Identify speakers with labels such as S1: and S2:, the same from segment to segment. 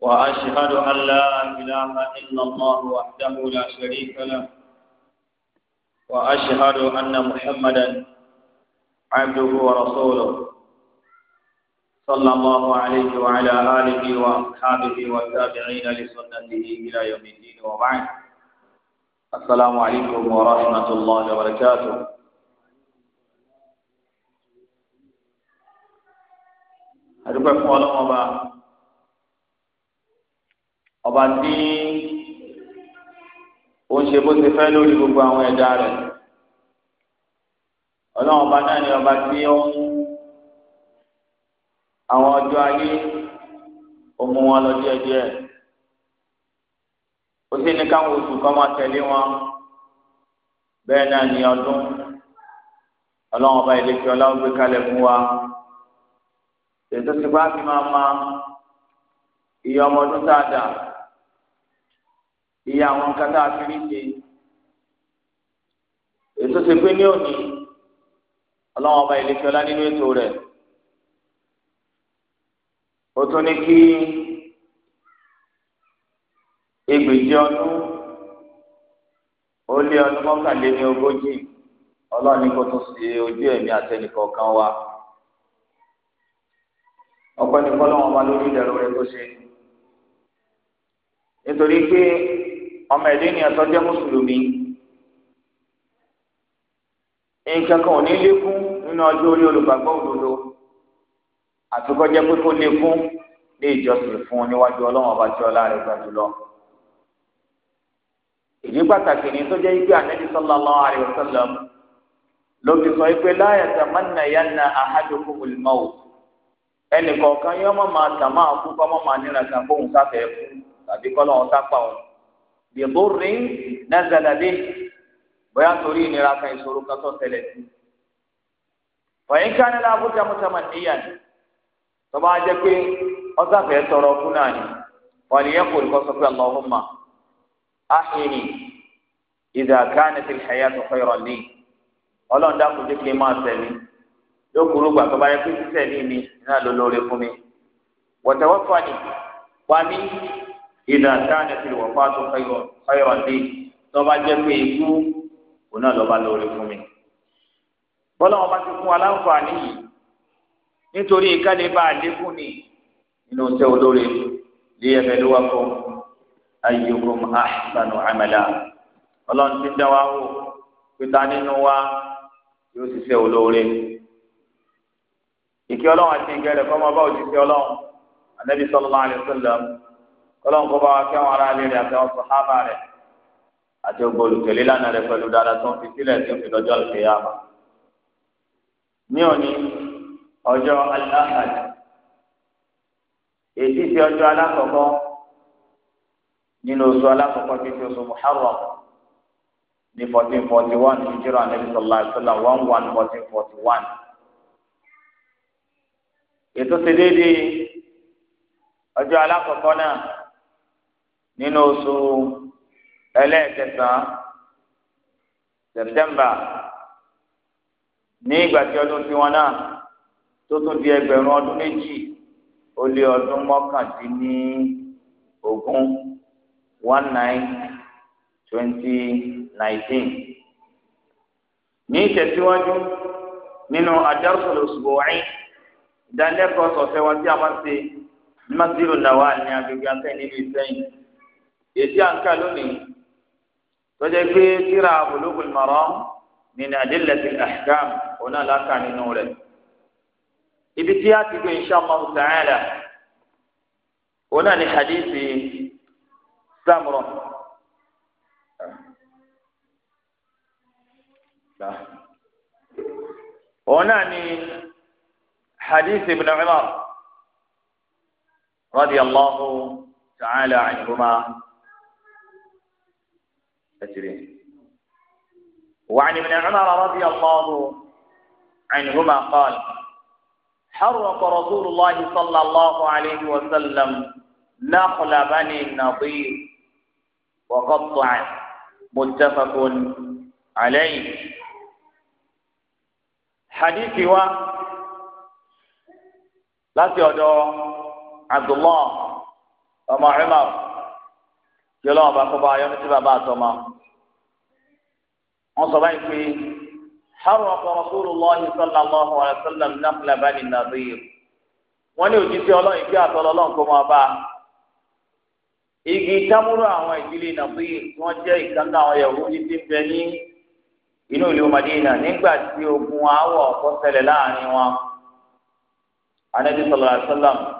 S1: وأشهد أن لا إله إلا الله وحده لا شريك له وأشهد أن محمدا عبده ورسوله صلى الله عليه وعلى آله وأصحابه والتابعين لسنته إلى يوم الدين وبعد السلام عليكم ورحمة الله وبركاته أدعوكم الله ọba tí ó ń ṣe bó ti fẹ́ lórí gbogbo àwọn ẹ̀dá rẹ̀ ọlọ́run ọba náà ni ọba tí ó ń àwọn ọjọ́ ayé ó mú wọn lọ díẹ̀díẹ̀ ó sì ní káwọn oṣù kan máa tẹ̀lé wọn bẹ́ẹ̀ náà ní ọdún ọlọ́run ọba ìlẹ́kẹ́ ọlọ́run gbé kalẹ̀ fún wa ètò tí bá fi máa ma iye ọmọ ọdún tá a dà iye àwọn nǹkan tá a fi rí ṣe ètò ti pé ní òní ọlọ́wọ́n ọba ìlẹ́fẹ́ ọlá nínú ètò rẹ̀ ó tún ní kí egbèje ọdún ó lé ọdún mọ́kànléní ogójì ọlọ́run ní kó tún ṣe ojú ẹ̀mí àtẹnìkọ̀ọ̀kan wa ọpẹ́ ní kọ́lọ́wọ́n ọba lórí ìdẹ̀rọ̀ rẹ̀ kó ṣe nítorí pé ọmọ ẹ̀dẹ́ ènìyàn tó jẹ́ mùsùlùmí nǹkan kan ò ní lékún nínú ọjọ́ orí olùgbàgbọ́ òdodo àtúkọ́ jẹ́ pé kó lékún ní ìjọsìn fún níwájú ọlọ́run ọba tí ọlá rẹ̀ gbà jùlọ. ìdí pàtàkì ni tó jẹ́ ìgbé ànẹ́bí sallallahu alaihi wasallam ló fi sọ pé la yatamanna yanna ahadukumul maut ẹnì kọ̀ọ̀kan yọ́ mọ́ máa tàmáà kú kọ́ mọ́ máa níra kan kóhun sáfẹ́ kú tàbí kọ́ lọ́wọ́ sápà òun bìbúrin nàzàlàbí bóyá torí ìnira kan ìṣòro kan tó tẹlẹ sí. wọ̀nyí ká ní lábújá mùsàmà níyàn tọ́ba jẹ́ pé ọ́sàfẹ́ tọrọ fún náà ni wọ́n lè yẹ kó olùkọ́ sọ pé Allahumma ahini idha kanat al-hayatu khayran li ọlọ́run dákun jẹ́ kí n máa sẹ̀mí lókùrú gbà bá yẹ pé sísẹ̀mí mi náà ló lóore fún mi wa tawaffani wá ìdá sáàdì tí wọ́n fà tó fẹ́yọ̀ dé tọ́ba jẹ́ pé ikú òun náà lọ́ba lórí fún mi. bọ́lá wọn bá ti fún aláǹfààní yìí nítorí ìkàlẹ̀ bá a lékún ni
S2: inú tẹ́ olóore
S1: lé ẹ̀fẹ́ ló wá kọ́ ayyukum ahsanu amala ọlọ́run ti dá wa wò pété nínú wa yóò ti ṣe olóore. ìkí ọlọ́run àti ìgẹ̀rẹ̀ kọ́ ọmọ bá òjì sí ọlọ́run anabi sallallahu alaihi wasallam kọlọ́n kó bá wa kí àwọn ará ilé rẹ̀ àti àwọn sọ̀hábà rẹ̀ àti gbogbo olùtẹ̀lé lánàá rẹ̀ pẹ̀lú dáadáa tó ń fi sílẹ̀ tó ń fi lọ́jọ́ àlùkìyámà. ní òní ọjọ́ aláhàd èyí ti ọjọ́ alákọ̀ọ́kọ́ nínú oṣù alákọ̀ọ́kọ́ tí ti oṣù muharram ní fourteen forty one hijira nabi sallallahu alayhi wa sallam one one fourteen forty one.
S2: ètò ti déédéé
S1: ọjọ́ alákọ̀ọ́kọ́ náà nínú oṣù ẹlẹ́ẹ̀kẹsàn-án sẹ̀tẹ́mbà ní ìgbà tí ọdún tiwọn náà tó tún di ẹgbẹ̀rún ọdún méjì ó lé ọdún mọ́kàndínní one nine twenty nineteen ní ìtẹ̀síwájú nínú adarsul usbu'i ìdánilẹ́kọ̀ọ́ sọ̀tẹ́ wa tí a máa ń ṣe ní masjidu Nawal ní agbègbè akẹ́ni ìlú Ìsẹ́yìn èsì àǹkà lónìí tọ́jà pé tíra Bulughul Maram min adillatil ahkam ọ̀nà làákà nínú rẹ̀ ibi tí a ti gbé insha Allah ta'ala ọ̀nà ni hadithi Samura. ọ̀nà ni hadithi Ibn Umar radiyallahu ta'ala anhuma. وعن ابن عمر رضي الله عنهما قال حرق رسول الله صلى الله عليه وسلم نخل بني النضير وقطع متفق عليه حديث و لا عبد الله وما عمر kí ọlọ́wọ́n bá kọ́ ayọ́ ní bàbá àtọ́mọ́ wọ́n sọ báyìí pé حرق رسول الله صلى الله عليه وسلم نقل بني النضير
S2: wọ́n ní òjíṣẹ́ ọlọ́run
S1: ìgbé àtọ́lọ́ ọlọ́run kó máa bá a igi támúrò àwọn ìdílé nàbíyì tí wọ́n jẹ́ ìkànnì àwọn Yahudi ti ń bẹ ní inú ìlú Madina nígbà tí ogun aáwọ̀ ọ̀kọ́ láàrin wọn Ànábì sallallahu alaihi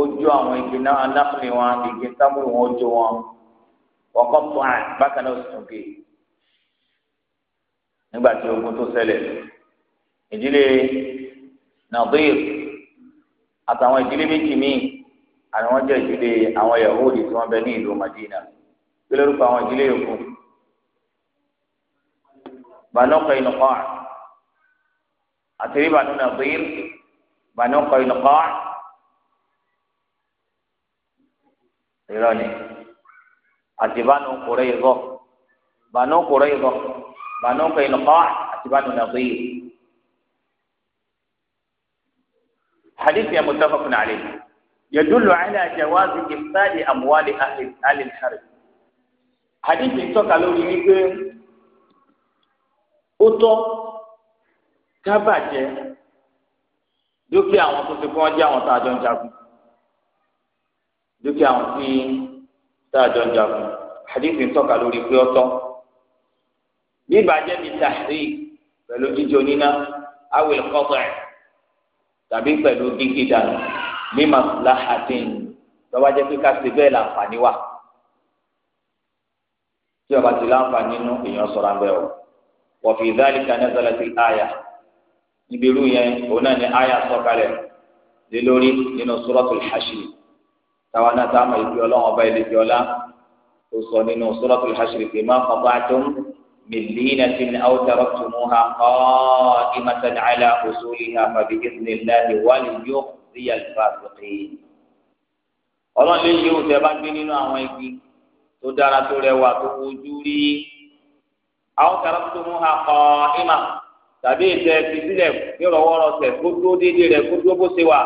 S1: ojú àwọn igi náà anáfẹ́ wọn igi sábò wọn ojú wọn ọkọ tó àn bákan náà sùn gé nígbà tí ogun tó ṣẹlẹ̀ ìdílé Nadir àtàwọn ìdílé méjì míì àwọn wọn jẹ ìdílé àwọn Yahudi tí wọn bẹ ní ìlú Madina kí lórúkọ àwọn ìdílé yòókù Banu Qaynuqa àti rí Banu Nadir Banu Qaynuqa. irọ́ ni àti bánu kúrẹ́ ìzọ́ bánu kúrẹ́ ìzọ́ bánu kúrẹ́ ìnùkọ́ àti bánu nàgbé yìí. حديث متفق عليه يدل على جواز إفساد أموال أهل الحرب حديث يتوقع لوري wípé ó tọ́ ká bàjẹ́ dúkìá àwọn tó ti fún wọn àwọn tó àjọ ń jagun dúkìá ń fi sáàjọ ń jagun hadith ń tọ́ka lórí pé ọtọ́ bí ìbàjẹ́ mi tàhírí pẹ̀lú jíjó níná awil qat' tàbí pẹ̀lú gígí dànù bí maslahatin lọ́wọ́ jẹ́ pé ká bẹ́ẹ̀ láǹfààní wà tí ọba ti láǹfààní nínú èèyàn sọ̀rọ̀ àbẹ̀ o wa fi dhalika nazalatil àyà ìbírú yẹn òun náà ni àyà sọ̀kalẹ̀ lé lórí nínú suratul Hashir táwa náà tá a mọ̀ ìfi ọlọ́run ọba ilé fiọ́lá tó sọ nínú suratul hashr pé ma qata'tum min linatin aw taraktumuha qa'imatan ala usuliha fa bi idhnillahi wal yukhziya al-fasiqin. ọlọ́run lè yí oṣù bá gbé nínú àwọn igi tó dára tó rẹwà tó wojú rí aw taraktumuha qa'ima tàbí ìtẹ fi sílẹ̀ ní rọwọ́rọsẹ̀ kó tó déédéé rẹ̀ kó tó bó ṣe wà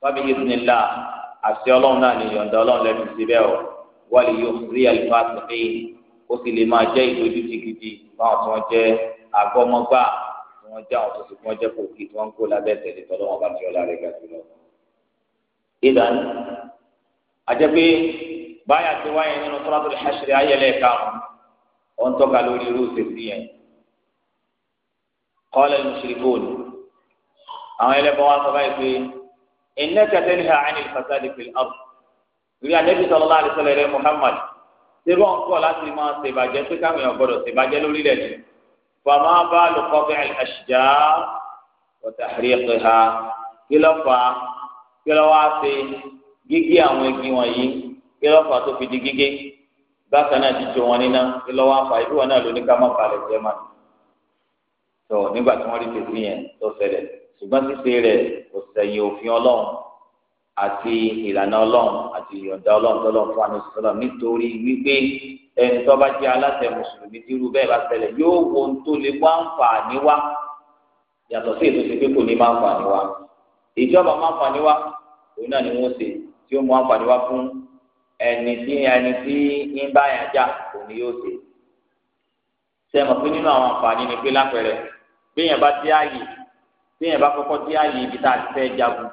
S1: fa bi idhnillah àti ọlọ́run náà ní yọ̀ǹda ọlọ́run lẹ́nu síbẹ̀ o wọ́n lè yọ rí àlùfáà tó pé ó sì lè máa jẹ́ ìtọ́jú ti gidi fáwọn tí wọ́n jẹ́ àgọ́mọ́gbà tí wọ́n jẹ́ àwọn tó sì wọ́n jẹ́ kò kí tí wọ́n ń kó lábẹ́ tẹ̀lé tọ́lọ́wọ́n bá ti ọ̀la rẹ̀ ga jùlọ. ìdáni àjẹpé báyà ti wáyé nínú Suratul Hashr ayẹlẹ karùn-ún ó innaka tanha anil fasadi fil ard ìrìn ànábì sallallahu alaihi wasallam rẹ muhammad ṣé wọn kọ láti máa ṣèbàjẹ́ pé káwọn èèyàn gbọ́dọ̀ ṣèbàjẹ́ lórílẹ̀ ni fama balu qat'il ashjar wa tahriqiha kí ló fà á kí ló wá ṣe gígé àwọn igi wọ̀nyí kí ló fà á tó fi di gígé bákan náà jíjọ wọn níná kí ló wá fà á ìlú wọn náà lóní ká má balẹ̀ jẹ́ máa tó nígbà tí wọ́n rí fèsì yẹn tó ṣẹlẹ̀ ṣùgbọ́n ṣíṣe rẹ̀ kò sẹ̀yìn òfin ọlọ́run àti ìlànà ọlọ́run àti ìyọ̀ǹda ọlọ́run tó lọ́n fún àníṣọ́lọ́ nítorí wípé ẹni tó bá jẹ́ aláṣẹ mùsùlùmí tí irú bẹ́ẹ̀ bá ṣẹlẹ̀ yóò wo ohun tó lè wá àǹfààní wá yàtọ̀ sí ètò ti pé kò ní máa àǹfààní wá ìjọba máa àǹfààní wá òun náà ni wọ́n ṣe tí ó mú àǹfààní wá fún ẹni tí ẹni tí ń bá yàn já òun ni yóò ṣe sẹ́mọ̀ pé nínú àwọn àǹfààní ni pé lápẹ̀rẹ̀ gbéyàn bá dé ààyè bí yẹn bá kọ́kọ́ dé ààyè ibi tá a ti fẹ́ jagun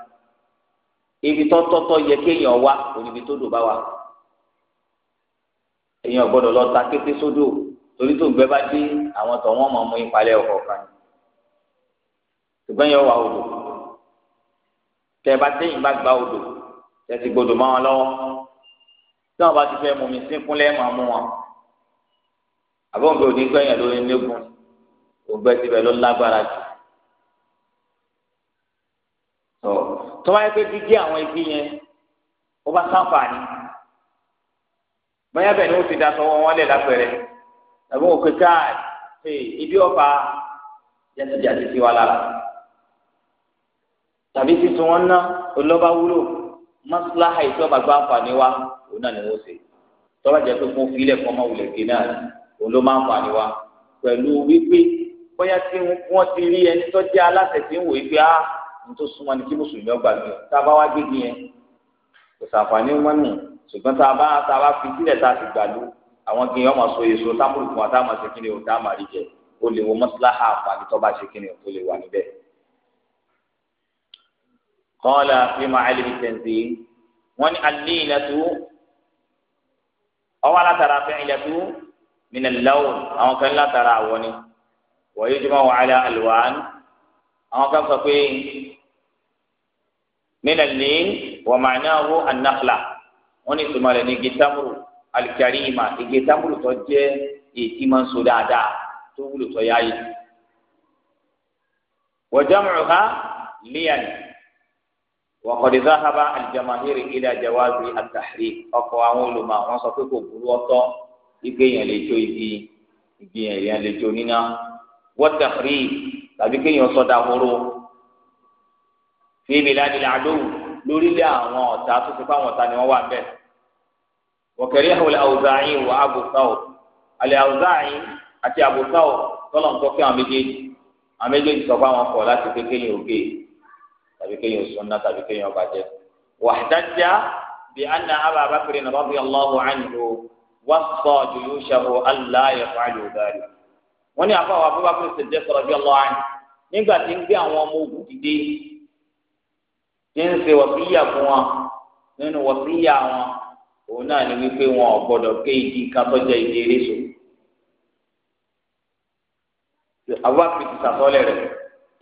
S1: ibi tọ́tọ́tọ́ yẹ kéèyàn wá oníbi tó dò bá wà èèyàn gbọ́dọ̀ lọ ta kété sódò torí tó gbẹ bá dé àwọn tó wọ́n mọ̀ mú ìpalẹ̀ ọkọ̀ kan ṣùgbọ́n yẹn wà odò tẹ bá téyìn bá gba odò tẹ ti gbọ́dọ̀ mọ́ wọn lọ́wọ́ tí wọ́n bá ti fẹ́ mú mi sínkún lẹ́ẹ̀mọ́ mú wọn àbọ̀ǹgbẹ̀ òní gbẹ̀yìn lórí nígun ògbẹ́ tibẹ̀ ló lágbára jù. tó bá yẹ pé gígé àwọn igi yẹn ó bá sáǹfààní bóyá bẹ́ẹ̀ ni ó ti da sọ́wọ́ wọn lẹ̀ lápẹ̀rẹ̀ tàbí wọn pé káàd ṣe ibi ọba jẹ́síjàsí sí wa lára tàbí titun wọn ná olọ́ba wúlò mọ́síláhà ìtọ́ba gba àǹfààní wa òun náà ni wọ́n ṣe tọ́ba jẹ́ pé fún fílẹ̀ fún ọmọ wùlẹ̀ gé náà òun ló máa ń fààní wa pẹ̀lú wípé bóyá tí wọ́n ti rí ẹni tó jẹ́ aláṣẹ tí ń wò yí pé á. Ah, nítorí súnmọ́ ni kí mùsùlùmí ọgbà gbé tá a bá wá gbé yẹn kò sàǹfààní wọn nù ṣùgbọ́n tá a bá tá a bá fi sílẹ̀ tá a ti gbà ló àwọn kí ọmọ so èso tábùlù fún wa tá a o tá a máa rí jẹ o lè wo mọ́sálásá àǹfààní tó bá ṣe o tó lè wà níbẹ̀. kọ́ńlá fi máa ẹlẹ́ mi tẹ̀sí wọ́n ní alẹ́ ìlẹ́tú ọwọ́ alátara fẹ́ ìlẹ́tú min al-lawn àwọn kan látara àwọn ni wọ́n yóò jẹ́ mọ́ àwọn kan sọ pé mílẹ̀ lé wọ́n máa ní àwọn anáfla wọ́n ní ìtumọ̀ rẹ̀ ní igi támúrù alikarima igi tó jẹ́ èyí máa ń so dáadáa tó wúlò tó yáyé. وجمعها ليا وقد ذهب الجماهير إلى جواز التحريم ọ̀pọ̀ àwọn olùmọ̀ àwọn sọ pé kò burú ọ̀tọ̀ igi yẹn lè jó ibi igi yẹn lè jó níná wọ́n tàbí kéèyàn sọdá horo fíbi ládìlẹ àdóhùn lórílẹ̀ àwọn ọ̀tá tó ti fáwọn ọ̀tá ni wọ́n wà bẹ́ẹ̀ wọ̀kẹ̀rí àwọn àwùzáyìn wà àbùsáwò àlẹ́ àwùzáyìn àti àbùsáwò tọ́lọ̀ ń tọ́kẹ́ àwọn méjèèjì àwọn méjèèjì sọ fáwọn kọ̀ láti pé kéèyàn òkè tàbí kéèyàn sunna tàbí kéèyàn bàjẹ́ wàhdájá bí anna abba bakr radiyallahu anhu wàsọ jùlọ ṣàbò aláyẹ fàlùbárì wọn ni àbáwọ abubakar siddiq radiyallahu anhu nígbà tí ń gbé àwọn ọmọ ogun dìde tí ń ṣe wọ̀síyà fún wọn nínú wọ̀síyà wọn òun náà ni wípé wọn ò gbọdọ̀ gé igi kan tó jẹ́ igi eréso. àwa fi ti sàtọ́lẹ̀ rẹ̀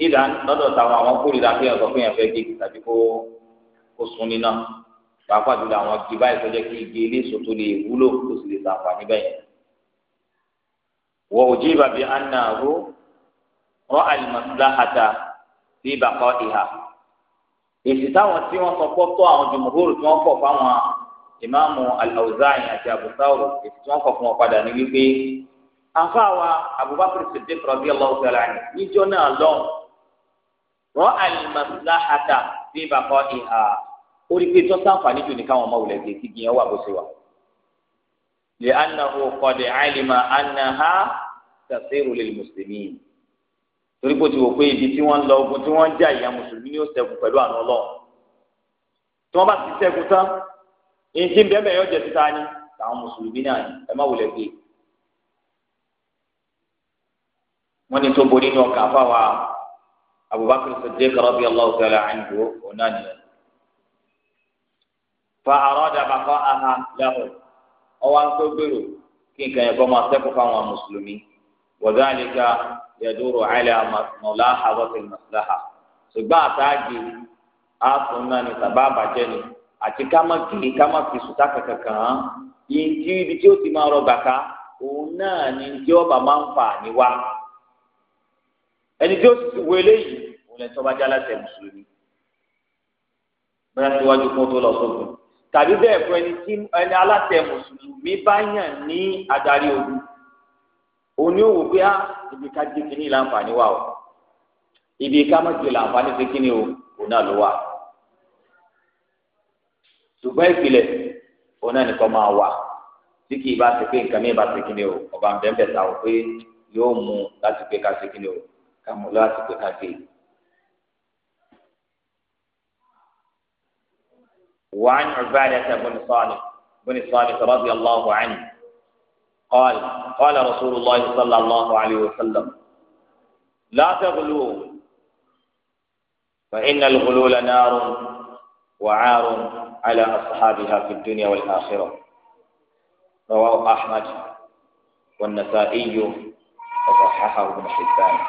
S1: ìdá lọ́dọ̀ táwọn àwọn kórìíra fi hàn sọ fún yẹn fẹ́ gé tàbí kó kó sun níná pàápàá jùlọ àwọn igi báyìí tó kí igi eléso tó lè wúlò tó sì lè ṣàǹfààní bẹ́yẹn. wọ́n ò jí ìbàbí àná àrò wọn alimasilahata fi bàkọ ìhà èsì táwọn tí wọn sọ pọtọ àwọn jùmọhóró tí wọn kọ fáwọn ìmáàmù alhauzayi àti abusawo èsì tí wọn kọ fún wọn padà ní wípé àfàwà abubakar siddiq radiyallahu ta'ala anhu níjọ náà lọ wọn alimasilahata fi bàkọ ìhà ó pé tọ́sán fàní jù ní káwọn ọmọ wulẹ̀ gbé kígi yẹn wà bó ṣe wà lè anahu qad torí kó ti wò pé ibi tí wọ́n lọ ogun tí wọ́n ń jà ìyá mùsùlùmí ni ó ṣẹ́gun pẹ̀lú àná ọlọ́run tí wọ́n bá ti ṣẹ́gun tán ìdí bẹ́ẹ̀ yọ jẹ títa ni àwọn mùsùlùmí náà ẹ má wulẹ̀ gbé wọ́n ní tó borí ní ọkà fáwa Abubakar Siddiq radiyallahu ta'ala anhu òun náà fa àrọ́dà bàbá aha lẹ́hùn ọwọ́ à kí nǹkan yẹn kọ́ máa ṣẹ́kù fáwọn mùsùlùmí. وذلك يدور على ملاحظة المصلحة ṣùgbọ́n àtàgé àtúnná ni tàbá àbàjẹ́ ni àti kámákìlì kámákì sùtá kankan hàn yìí tí ibi tí ó ti máa rọ bàtà òun náà ni tí ọba máa ń fà níwá ẹni tí ó sì ti wọ eléyìí òun lẹ́tọ́ bá jálá tẹ̀ mùsùlùmí bóyá síwájú kó tó lọ sógun tàbí bẹ́ẹ̀ fún ẹni tí ẹni alátẹ̀ mùsùlùmí bá yàn ní adarí ogun òun ni ó wò pé á ah, ibi ká jẹ kínní láǹfààní wà o ibi ká má jẹ láǹfààní sí kínní o òun náà ló wà ṣùgbọ́n ìpìlẹ̀ òun nìkan máa wà tí kì í bá ṣe pé nǹkan mìíràn bá ṣe kínní o ọba nbẹ́ńbẹ́ ta o pé yóò mú láti pé ká ṣe kínní o ká mú láti pé ká gé. وعن عبادة بن صالح بن صالح رضي الله عنه قال قال رسول الله صلى الله عليه وسلم لا تغلوا فإن الغلول نار وعار على أصحابها في الدنيا والآخرة رواه أحمد والنسائي وصححه ابن حبان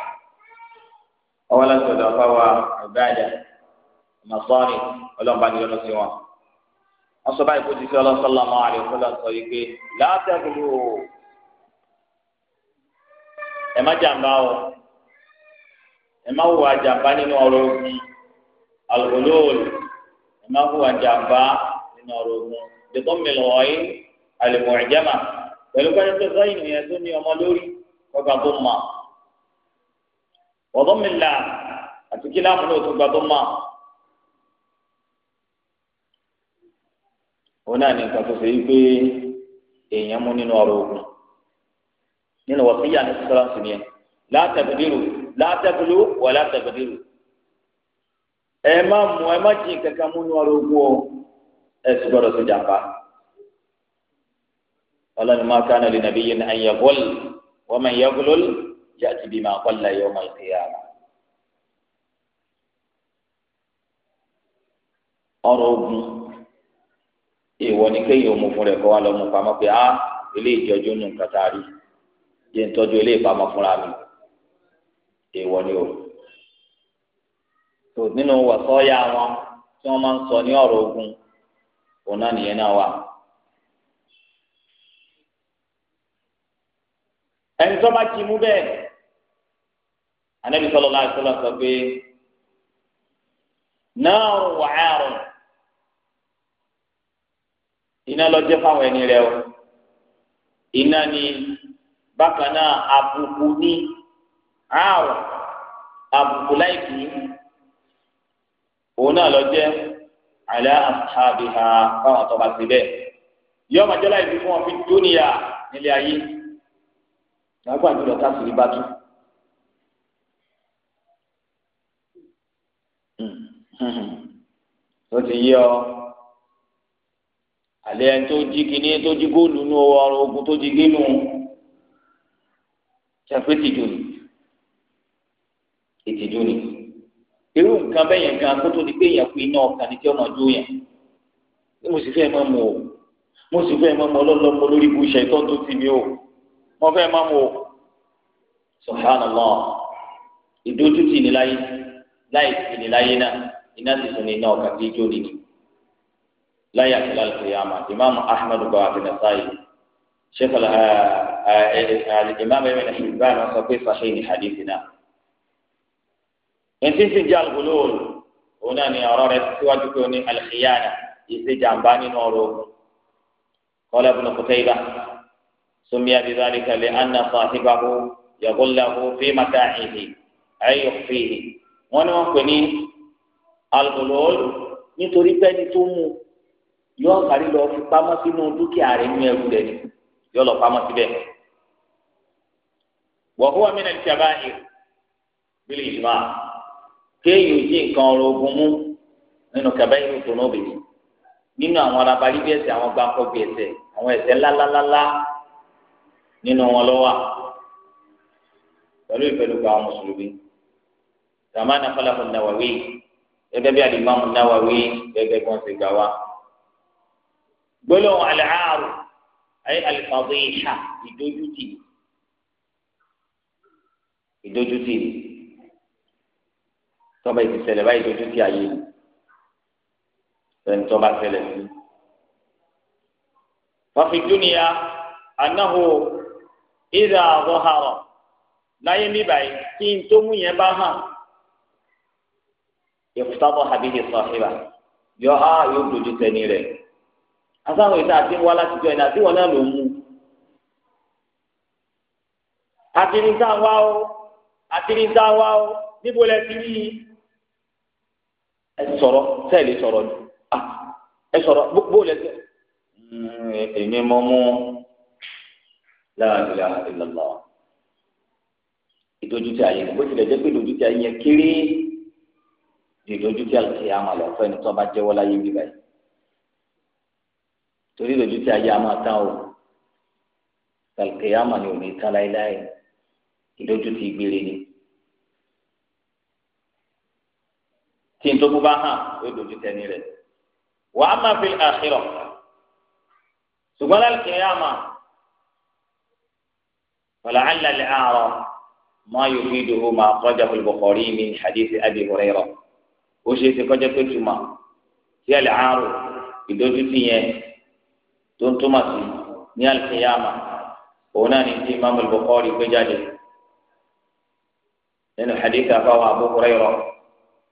S1: أولا تدعوا عبادة مصاري ولم بعد يوم wọ́n sọ báyìí kó ti fi ọlọ́sọ́lá máa rí ọ̀sọ́lá sọ yìí pé látàgbélé o ẹ má jàmbá o ẹ má hùwà jàmbá nínú ọ̀rọ̀ ogun alùpùpù ẹ má hùwà jàmbá nínú ọ̀rọ̀ ogun dèkọ́ mìlọ̀ ọ̀yìn àlùmọ̀ ìjẹ́mà pẹ̀lú pẹ́ẹ́ni tó sọ ìnìyẹn tó ní ọmọ lórí kọ́ka tó mọ̀ ọ̀dọ́ àti kíláàmù náà tó gbà tó mọ̀. òun náà ní nǹkan tó ṣe wípé èèyàn mú nínú ọ̀rọ̀ ogun nínú wọ́n síyà ní sísọ́lá sí ni ẹ látàbídìrú látàbílú wà látàbídìrú ẹ má mú ẹ má jìn kankan mú nínú ọ̀rọ̀ ogun o ẹ sì gbọ́dọ̀ sí jàmbá ọlọ́run máa ká náà nàbí yẹn náà yẹ bọ́ọ̀lù wọ́n máa yẹ bọ́ọ̀lù yàtì bí máa kọ́ láyé ọmọ ìkéyà rẹ̀. ọ̀rọ̀ ogun ìwọ ni kéèyàn mú fún rẹ kó wá lọ mú pamọ́ pé á ah, ilé ìjọjú nù nǹkan tá a rí yé ń tọ́jú ilé ìpamọ́ fúnra mi ìwọ ni o tó nínú wọsọyà wọn tí wọn máa ń sọ ní ọ̀rọ̀ ogun òun náà nìyẹn náà wà. ẹni tó bá ti mú bẹ́ẹ̀ anabi sọlọ láti sọ pé náà wàá rọ iná lọ jẹ́ fáwọn ẹni rẹ o iná ni bákan náà àbùkù ní àrùn àbùkù láìpì òun náà lọ jẹ́ àlẹ́ àtàbí ha fáwọn àtọ́ba sí bẹ́ẹ̀ yọ ọmọ jọlá ìbí fún wọn fi dúnìyà nílé ayé lágbàá jùlọ káfíìrì bá tú. Hmm, hmm, hmm. ó ti yé ọ àlẹ́ ẹni tó jí kínní tó jí góòlù nù ọrọ̀ ogun tó jí gínú ṣàpé tìjú ni ìtìjú ni irú nǹkan bẹ́ẹ̀ yẹn gan kótó ni pé èèyàn kú iná ọkàn ní tí ọmọ ọdún yẹn ní mo sì fẹ́ mọ́ mu o mo sì fẹ́ mọ́ mu ọlọ́lọ́mọ lórí ibu iṣẹ́ ìtọ́ tó ti mi o mo fẹ́ mọ́ mu o subhanallah ìdójútì ní láyé láì sí ní láyé náà iná ti sùn ní iná ọkàn tí ijó nìyí láyé àti lálùkù yàmà ìmáàmù ahmed bọ̀ àti nasayi sheikh ìmáàmù ibn hibban sọ pé sahih ni hadithi náà. ẹ̀ńtí sì jẹ́ alùpùlùwòlù òun náà ni ọ̀rọ̀ rẹ̀ síwájú pé ó ní alìkìyàna ìṣèjàmbá nínú ọ̀rọ̀ ogun. قال ابن قتيبة سمي بذلك لأن صاحبه يغله في متاعه أي يخفيه ونوقني الغلول nítorí pé ẹni tó mú yọ kárí lọ fi pamọ́ sínú dúkìá rẹ̀ nínú ẹrú rẹ̀ ni yọ lọ pamọ́ síbẹ̀ wọ̀húwà mìíràn ti àbá ẹ̀ bílí ìjùmọ̀ kéèyàn jí nǹkan ọ̀rọ̀ ogun mú nínú kẹ̀bẹ́ ìlú tòun òbèdì nínú àwọn arabarí bí ẹsẹ̀ àwọn gbàǹkọ́ bí ẹsẹ̀ àwọn ẹsẹ̀ ńláńláńlá nínú wọn lọ́wọ́ pẹ̀lú ìfẹ́lùkọ àwọn mùsùlùmí zamani afọlẹ́fọ̀ Nawawi gẹ́gẹ́ bí alimami Nawawi gẹ́gẹ́ bí wọ́n ti gbà wá gbólóhùn àlàáru ayé àlùfáàbọ̀ ìhà ìdójútì ìdójútì tọ́ba ìfìsẹ̀lẹ̀ báyìí ìdójútì ayé ẹni tọ́ba sẹlẹ̀ sí. wàfi dúnìyà anáhù ìdá àbọ̀hárọ̀ láyé mi báyìí kí n tó mú yẹn bá hàn ìfúsàbọ̀ àbíyè sọ̀hìbà yọ á yóò dojú àtàwọn ìta àti wá láti jọ ìdá tí wọn náà ló mú àtìrìntà wá o àtìrìntà wá o níbo lẹ ti rí ẹ sọ̀rọ̀ sẹẹlì sọ̀rọ̀ ni ẹ sọ̀rọ̀ bó lẹ ti hmm, èmi mọ mú la ilaha illallah ìdójútì ayé bó tilẹ̀ jẹ́ pé ìdójútì ayé yẹn kéré ìdójútì àlùkìyàmà lọ fẹ́ni tó bá jẹ́wọ́ láyé bíbáyìí torí lójú tí ayé a máa tán o kàlùkìyàmà ni ò ní tán láéláé ìdójú ti gbére ni tí n tó kú bá hàn yóò dojú tẹni rẹ wà á máa fi àṣírọ ṣùgbọ́n lálùkìyàmà wàlá àlàlẹ̀ àárọ̀ máa yóò fi dòwò máa kọjá olùbọ̀kọ̀rí mi ní hadith abi ó ṣe é ṣe kọjá pé tuma tí àárọ̀ ìdójú ti yẹn tó ń túmọ̀ sí ní alikiyama òun náà ní ti imaamu Bukhari gbé jáde nínú hadith àbáwọ Abu Hurairah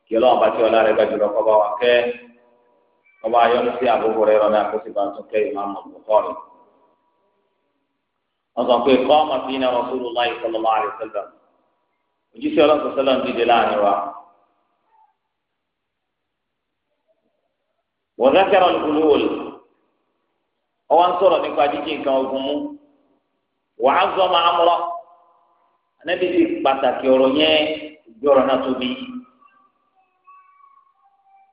S1: kí ọlọ́wọ́n bá tí ọlá rẹ̀ gbàdúrà kọ́ bá wà kẹ́ ọba ayọ́nu sí Abu Hurairah náà kó sì bá tún kẹ́ imaamu Bukhari. wọ́n kọ́ ọmọ sí iná Rasulullahi sallallahu alaihi wasallam ojúṣe ọlọ́sọ̀ sọ́lá ń láàrin wa. wọ́n dákẹ́rọ̀ ọwọ́ ń sọ̀rọ̀ nípa jíjí nǹkan ogun mú wàá zọ́mọ amúrọ́ anábì ti pàtàkì ọ̀rọ̀ yẹn ìjọrọ̀ náà tóbi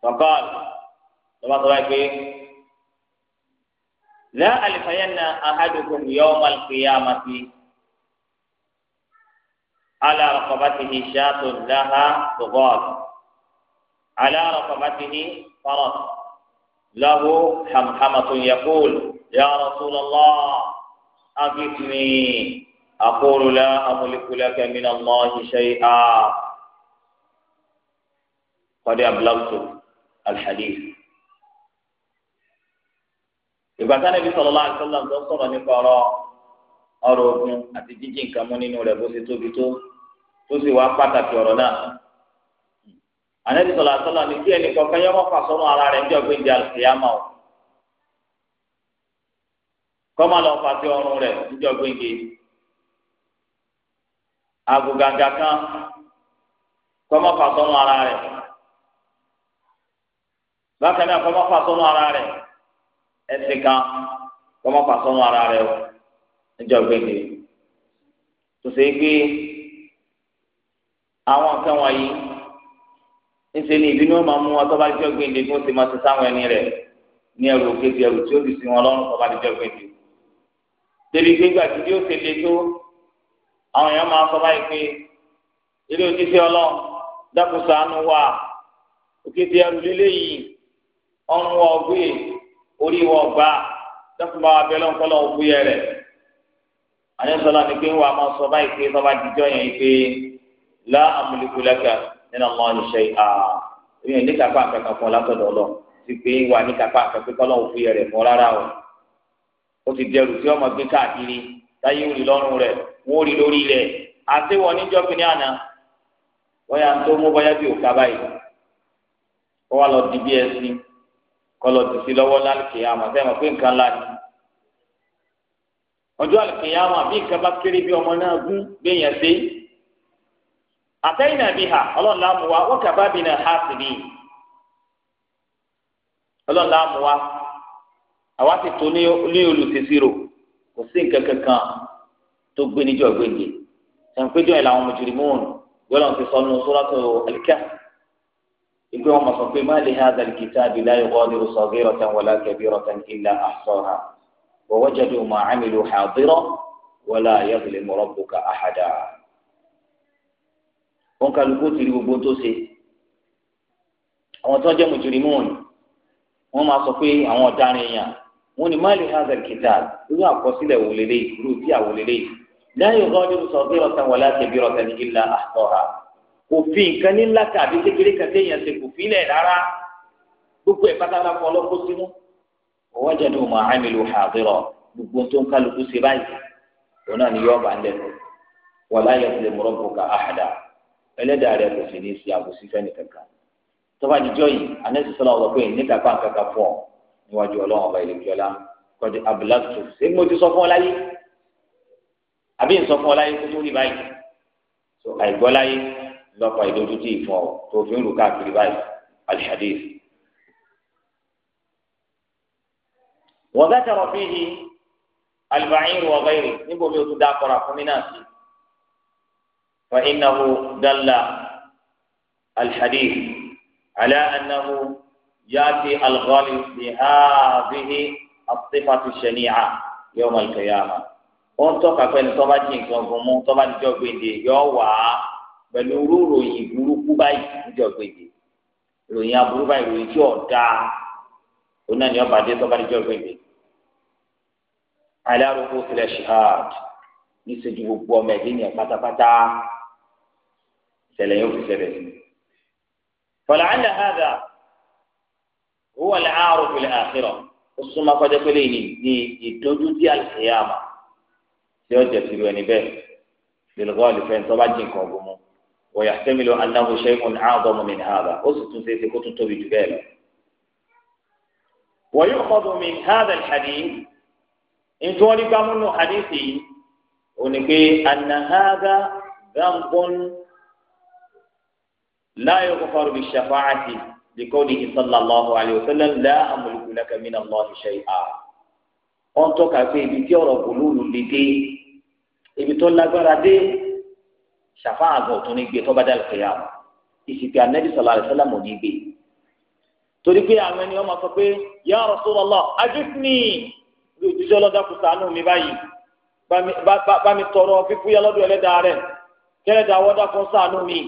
S1: tọ́kọ́ọ̀lù lọ́ba tó bá gbé lẹ́ àlìfáyẹ́nà ahadukum yawma al-qiyamati ala raqabatihi shatun laha tughal ala raqabatihi faras lahu hamhamatun yaqulu. يا رسول الله أغثني أقول لا أملك لك من الله شيئا قد أبلغت الحديث ìgbà tí Ànábì sallallahu alaihi wasallam tó sọ̀rọ̀ nípa ọ̀rọ̀ ọ̀rọ̀ ogun àti jíjí nǹkan mú nínú rẹ̀ bó ṣe tóbi tó tó sì wá pàtàkì ọ̀rọ̀ náà Ànábì sallallahu alaihi wasallam ní kí ẹnì kọ̀ọ̀kan yọmọ fà sọmọ ara rẹ̀ ń jọ gbé ìdí àlùkìyàmọ o kọ́má lọ fàtí ọrùn rẹ̀ níjọ́ gbẹ̀ngẹ̀ àgùgàgà kan kọ́má fàtọ́nù ara rẹ̀ bákan náà kọ́má fàtọ́nù ara rẹ̀ ẹsẹ̀ kan kọ́má fàtọ́nù ara rẹ̀ o níjọ́ gbẹ̀ngẹ̀ tòṣe pé àwọn nǹkan wọ̀nyí ńṣe ni ìbínú máa mú wọn tó bá jọ gbẹ̀ngẹ̀ kó o sì máa ṣe sáwọn ẹni rẹ̀ ní ẹrù òkè ti ẹrù tí ó lù sí wọn lọ́rùn tó bá jọ débi gbégbá tí bí ó ṣe le tó àwọn èèyàn máa sọ báyìí pé ilé òṣìṣẹ́ ọlọ́run dákun ṣàánú wa òkété ẹrù líle yìí ọrùn wa ọgbẹ orí wa ọgbà dákun bá wa bẹ lọ́nkọ́lọ́ ògbéyẹ rẹ̀ àyẹ̀sọ́lá ni pé wàá máa sọ báyìí pé tọ́ba dìjọ́ yẹn pé lá àmúlikù lẹ́kà nínú ọmọ ìṣe à ìyẹn níkàpá àkàkọ́ fún látọ̀dọ̀ ọlọ́run ti pé wà níkàpá àkàkọ́ kọ́lọ́ ògbéyẹ rẹ̀ mọ́ rárá o ó ti dẹrù tí ọmọ gbé káàkiri táyé òrì lọ́rùn rẹ̀ wọ́n rí lórí rẹ̀ àtiwọ̀ níjọ́ kìíní àná bóyá tó mú bóyá bí òkà báyìí kó wá lọ di bí ẹsìn kó lọ dì sí lọ́wọ́ lálùkìyàmọ̀ sẹ́yìn pé nǹkan ńlá ni ọjọ́ àlùkìyàmọ̀ bí nǹkan bá kéré bí ọmọ náà gún gbẹ̀yìn ẹsẹ̀ àtẹ́yìn náà bí ọlọ́run láàmú wa wọ́n kà bá bí náà há sí ni ọlọ́run láàmú wa àwa ti tó ní olùṣèṣirò kò sí nǹkan kankan tó gbé níjọ́ gbèǹde sàǹpéjọ ẹ̀ làwọn mujrimun gbọ́dọ̀ ti sọ nínú suratu al-Kahf ìgbé wọn sọ pé má lè ha al-kitabi la yughadiru saghiratan wala kabiratan illa ahsaha wa wajadu ma amilu hadira wala yazlimu rabbuka ahada wọn kálukú ti gbogbo tó ṣe àwọn tó ń jẹ́ mùjìrìmọ́ọ̀nì wọ́n máa sọ pé àwọn ọ̀daràn èèyàn wọn ni máàlì hazard kitab irú àkọsílẹ̀ wò lélẹ̀ irú tí àwò lélẹ̀ láyé ọgọ́dún sọ̀rọ̀ ọ̀sán wà láti ẹbí ọ̀sán ní ilà àtọ̀ra kò fi nǹkan ní ńlá tàbí kékeré kan téèyàn ṣe kò filẹ̀ rárá gbogbo ẹ̀ pátá lápò ọlọ́kọ́ sínú wajadu ma amilu hadira gbogbo tó ń kálukú ṣe báyìí òun náà ni yọ ọba ńlẹ̀ wala yazlimu rabbuka ahada ẹlẹ́dàá rẹ̀ kò sì ní níwájú ọlọ́run ọba ìlẹ̀kíọ́lá kọ́dé abúlátù ṣé mo ti sọ fún ọ láyé àbí ń sọ fún ọ láyé kó tó rí báyìí tó àìgbọ́ láyé lọ́pọ̀ ìdójútì ìfún ọ tó fi ń rù káàkiri báyìí alihadis. wọ́n tẹ̀rọ fi hi alibayin wọ́n bá yìí níbo mi ò tún dákọ̀ra fún mi náà sí. fa innahu dalla alihadis ala annahu. ياتي الغالي بهذه الصفة الشنيعة يوم القيامة ó ń tọ́ka pé ẹni tó bá jí nǹkan ọ̀gbọ̀n mú tó bá níjọ́ gbèdè yọ wá pẹ̀lú irú ròyìn burúkú báyìí níjọ́ gbèdè ròyìn aburú báyìí ròyìn tí ọ̀dà oná ni ọba dé tó bá níjọ́ gbèdè. alárùkù tilẹ̀ shahad níṣẹ́jú gbogbo ọmọ ẹ̀dín yẹn pátápátá ìṣẹ̀lẹ̀ yóò fi ṣẹlẹ̀ sí. fọlá ń dà hàn dà huwa al-aarif fil-aakhirah ó súnmọ́ kọjá pé lẹ́yìn ní ìdójú tí al-qiyamah tí ó jẹ tìrú ẹni bẹ́ẹ̀ lẹ́lọ́gọ́ àlùfẹ́ tó bá jí nǹkan ọ̀gbọ́n mu wa yahtamilu annahu shay'un a'zamu min hadha ó sì tún ṣeéṣe kó tún tóbi jù bẹ́ẹ̀ lọ. wa yu'khadhu min hadha al-hadith nítorí gbámúnú hadithi yìí ó ní pé anna hadha dhanbun la yughfaru لقوله صلى الله عليه وسلم لا أملك لك من الله شيئا wọ́n tọ́ka pé ibi tí ọ̀rọ̀ kòlóòlù lè dé ibi tó lágbára dé ṣàfà àgọ̀ tó ní gbé tọ́ba dàlù kẹyà ìsìnkú anabi sọlá alẹ́sọ́lá mọ̀ ní gbé torí pé àwọn ẹni wọ́n máa sọ pé ya Rasulullah ajifni bí òjijì ọlọ́dà kò sànú mi báyìí bá mi tọrọ fífúyà lọ́dọ̀ ẹlẹ́dàá rẹ̀ kẹlẹ́dàá wọ́dà kan sànú mi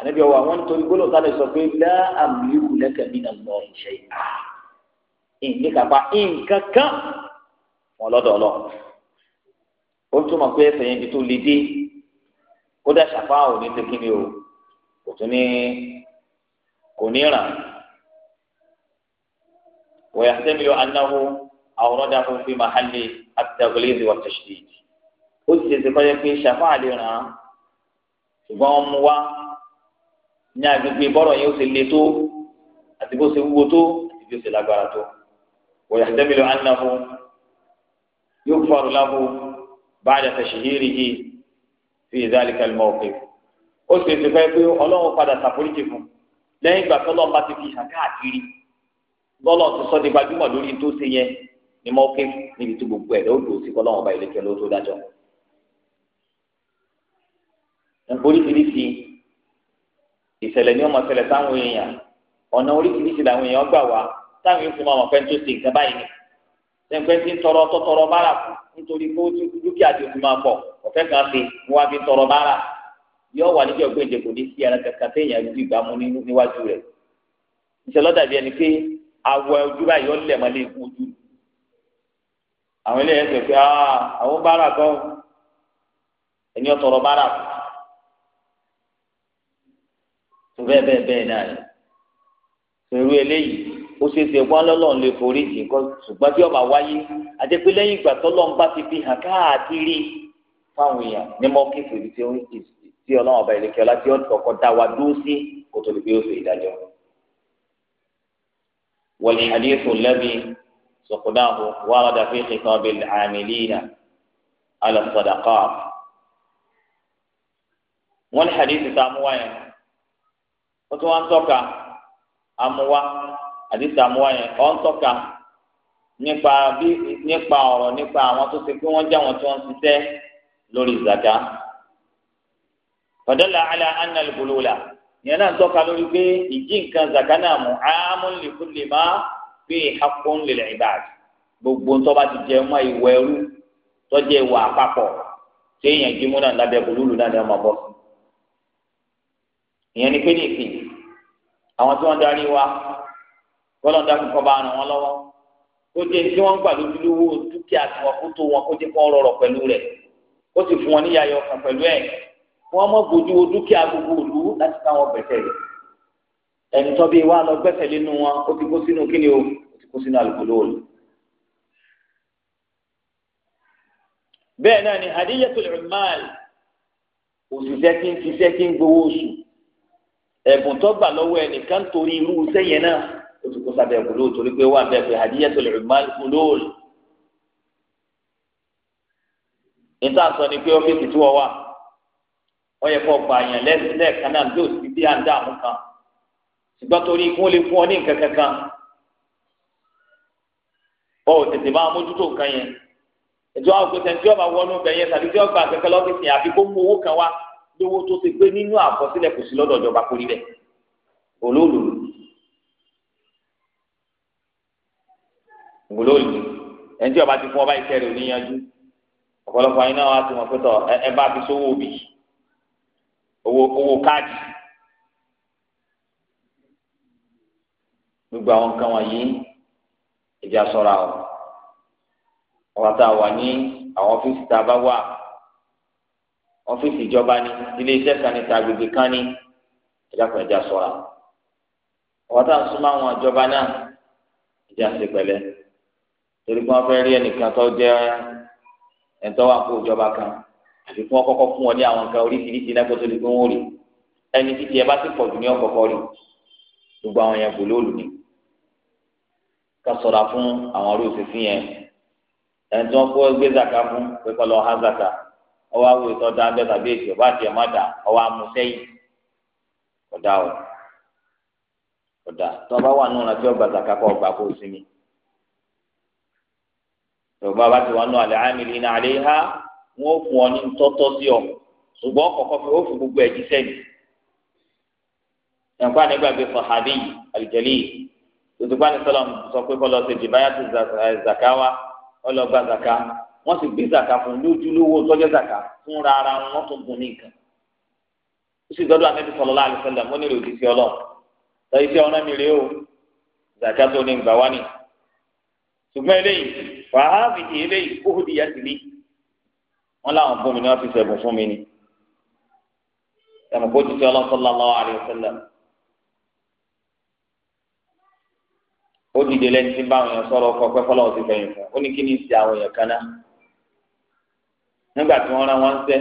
S1: ànábi ọwọ àwọn nítorí gbọ́dọ̀ sálẹ sọ pé lá àmúlíkù lẹkẹmí náà lọ ìṣe à ìní kápá nǹkan kan wọn lọ́dọ̀ lọ ó túmọ̀ pé ẹsẹ̀ yẹn ti tó le dé kódà ṣàpá ò ní ṣe kíni o kò tún ní kò ní ràn wọ́yà sẹ́miyọ́ anáwó àwòrán dàpọ̀ fi máa hàlẹ́ àtẹ̀wélédè wà tẹ̀sídìí ó sì ṣe ṣe kọ́jà pé ṣàpá àlè ràn án ṣùgbọ́n wọ́n mú ní agbègbè bọ́rọ̀ yẹn ó ṣe le tó àti bó ṣe wúwo tó àti bí ó ṣe lágbára tó wòye àtẹ́mílò ànáhu yóò fọ́ọ̀rù láhu báyà tẹ̀síhìrì yìí fi ìdálẹ́ kẹlẹ́mọ́ òkè ó ṣe ṣe fẹ́ pé ọlọ́run padà ṣàforíjì fún lẹ́yìn ìgbà tó lọ́ọ́ bá ti fi hàn káàkiri bọ́lọ̀ ti sọ́ di gbajúmọ̀ lórí tó ṣe yẹn ni mọ́ ké níbi tí gbogbo ẹ̀ lọ́ọ́ sí kọ́lọ́run ọba ìlẹ́kẹ́ ló tó dájọ́ ìṣẹ̀lẹ̀ ni ó máa ṣẹlẹ̀ sáwọn èèyàn ọ̀nà oríṣiríṣi làwọn èèyàn gbà wá táwọn èèyàn fi máa mọ̀ pé tó ṣe nǹkan báyìí ni ṣẹ̀ǹpẹ́ ti ń tọrọ tó tọrọ bára fún nítorí pé dúkìá ti fi máa pọ̀ ọ̀fẹ́ kan ṣe ni wọ́n á fi tọrọ bára yóò wà níjọ́ gbèǹde kò ní sí ẹran kankan téèyàn ju ìgbà níwájú rẹ̀ ìṣẹ̀lọ́ dàbí ẹni pé awọ ojú báyìí ó lẹ̀ mọ́lẹ̀ tó bẹ́ẹ̀ bẹ́ẹ̀ bẹ́ẹ̀ náà ni pẹ̀lú eléyìí ó ṣe é ṣe wọn lọ́lọ́run lè forí jì kọ́ ṣùgbọ́n tí ọba wáyé àjẹpẹ́ lẹ́yìn ìgbà tọ́lọ́run bá ti fi hàn káàkiri fáwọn èèyàn ní mọ́kìtì ibi tí ó ń tí ọlọ́run ọba ìlẹ̀kẹ́ ọlá tí ó kọ́kọ́ dá wa dúró sí kó tó lè gbé oṣù ìdájọ́. wal hadith alladhi saqnahu warada fi khitab al-amilina ala sadaqat wal hadith tá a ó tún wá ń tọ́ka amúwá àdìsí amúwá yẹn ó ń tọ́ka nípa bí nípa ọ̀rọ̀ nípa àwọn tó ṣe pé wọ́n jẹ́ àwọn tí wọ́n ṣiṣẹ́ lórí zaka fadala ala anna al-bulula yẹn náà tọ́ka lórí pé ìjí nǹkan zaka náà mú amun li fi haqqun lil ibad gbogbo ntọ́ bá ti jẹ mọ́ ìwẹ̀rú tọ́jú ìwà àpapọ̀ tí èèyàn jí mú lábẹ́ bululu náà ni wọ́n máa bọ́ sí ìyẹn ni pé ní ìsìn àwọn tí wọ́n darí wa gbọ́dọ̀ dákun kọ́ bá ràn wọ́n lọ́wọ́ kó jẹ́ tí wọ́n gbà lójúlówó dúkìá tí wọ́n kó tó wọn kó jẹ́ kó rọrọ̀ pẹ̀lú rẹ̀ ó sì fún wọn ní yàyọ̀ kan pẹ̀lú ẹ̀ wọ́n mọ̀ bójú wo dúkìá gbogbo òlu láti káwọn gbẹ̀sẹ̀ rẹ̀ ẹni tọ́ bíi wá lọ gbẹ́sẹ̀ nínú wọn ó ti kó sínú kíni o ó ti kó sínú àlùkòló òlu. bẹ́ẹ̀ náà ni àdéhìyẹ́ tó lè máàlì òṣìṣẹ́ tí ń ṣiṣẹ́ tí ń gbowó oṣù ẹ̀bùn tó gbà lọ́wọ́ ẹnìkan torí irú sẹ́yìn náà ó ti kó sábẹ́ ẹ̀kú lóòótọ́ torí pé wà bẹ́ẹ̀ pé hadiyatul ummal hulul. níta sọ ni pé ọ́fíìsì tí wọ́n wà wọ́n yẹ kó gba àyàn lẹ́ẹ̀kan náà bí òsì bí à ń dààmú kan ṣùgbọ́n torí kí wọ́n lè fún ọ ní nǹkan kankan ọ ò tètè máa mójútó nǹkan yẹn ètò àwọn òpèsè wọnú bẹ̀ tàbí tí ọgbà kẹkẹ lọ́fíìsì àbí kó mú owó kan wá owó tó ti gbé nínú àkọsílẹ̀ kò sí lọ́dọ̀ ìjọba kórìí rẹ̀ olóòlù olóòlù ẹni tí ọba ti fún ọba iṣẹ́ rẹ̀ oníyanjú ọ̀pọ̀lọpọ̀ ayé náà wá sí wọn pé tọ ẹ bá fi sówó òbí owó owó káàdì gbogbo àwọn nǹkan wọ̀nyí ìjà ṣọ́ra o ọba wà ní àwọn ọ́fíìsì tá a bá wà ọ́fíìsì ìjọba ni ilé iṣẹ́ kan ní tàgbègbè kan ní ìdákùn ẹ̀já sọ́ra ọ̀wọ́ tá à ń súnmọ́ àwọn ìjọba náà ìjà ṣe pẹ̀lẹ́ torí pé wọ́n fẹ́ rí ẹnìkan tó jẹ́ ẹ̀ńtọ́ wà fún ìjọba kan àti kí wọ́n kọ́kọ́ fún wọn ní àwọn nǹkan oríṣiríṣi náà kó tó di pé wọ́n rí ẹni títí ẹ bá ti pọ̀ jù ní ọ̀kọ̀ọ̀kọ̀ rí gbogbo àwọn yẹn kò lóòlù ni ká sọ̀ra fún àwọn orí òṣìṣẹ́ yẹn ẹ̀ńtọ́ kó gbé zaka fún pé kọ́ lọ ha zaka ọwọ́ awo ìtọ da abẹ tàbí èsì ọba àti ẹmọ dà ọwọ́ amú sẹ́yìn ọdá o ọdá tó ọba wà nù rántí ọgbà zaka kọ ọgbà kó sinmi tọba bá ti wà nù alẹ amìlì náà alẹ ha wọn ò fún ọ ní tọ́tọ́ sí ọ ṣùgbọ́n kọ̀kọ́ fi ó fi gbogbo ẹ̀jí sẹ́yìn ẹ̀ǹkọ́ ànígbàgbé sọ̀hábì àlùjẹ̀lì tòtùpá ní sọlọ́m sọ pé kọ́ lọ ti zakawa ọlọ́gbà zaka wọ́n sì gbé zaka fún lójúlówó tọ́jọ́ zaka fún rárá wọ́n tún bùn ní nǹkan ó sì dọ́dọ̀ Ànábì sallallahu alaihi wasallam mo nílò òdì sí ọlọ́run sọ iṣẹ́ ọ̀nà mi rèé o zaka tó ní gbà wá ní. ṣùgbọ́n eléyìí fàáhàbì eléyìí kóhùdì yá sí mi wọ́n láwọn fún mi ní wọ́n fi fún mi ni ẹ̀mọ̀ kó ti ṣe ọlọ́run sallallahu alaihi wasallam ó dìde lẹ́ni tí bá àwọn èèyàn sọ̀rọ̀ ọkọ̀ pẹ́ fọlọ́wọ́ ti fẹ̀yìn fún ó ní kí ni ìsì àwọn èèyàn kan náà nígbà tí wọ́n rán wọn sẹ́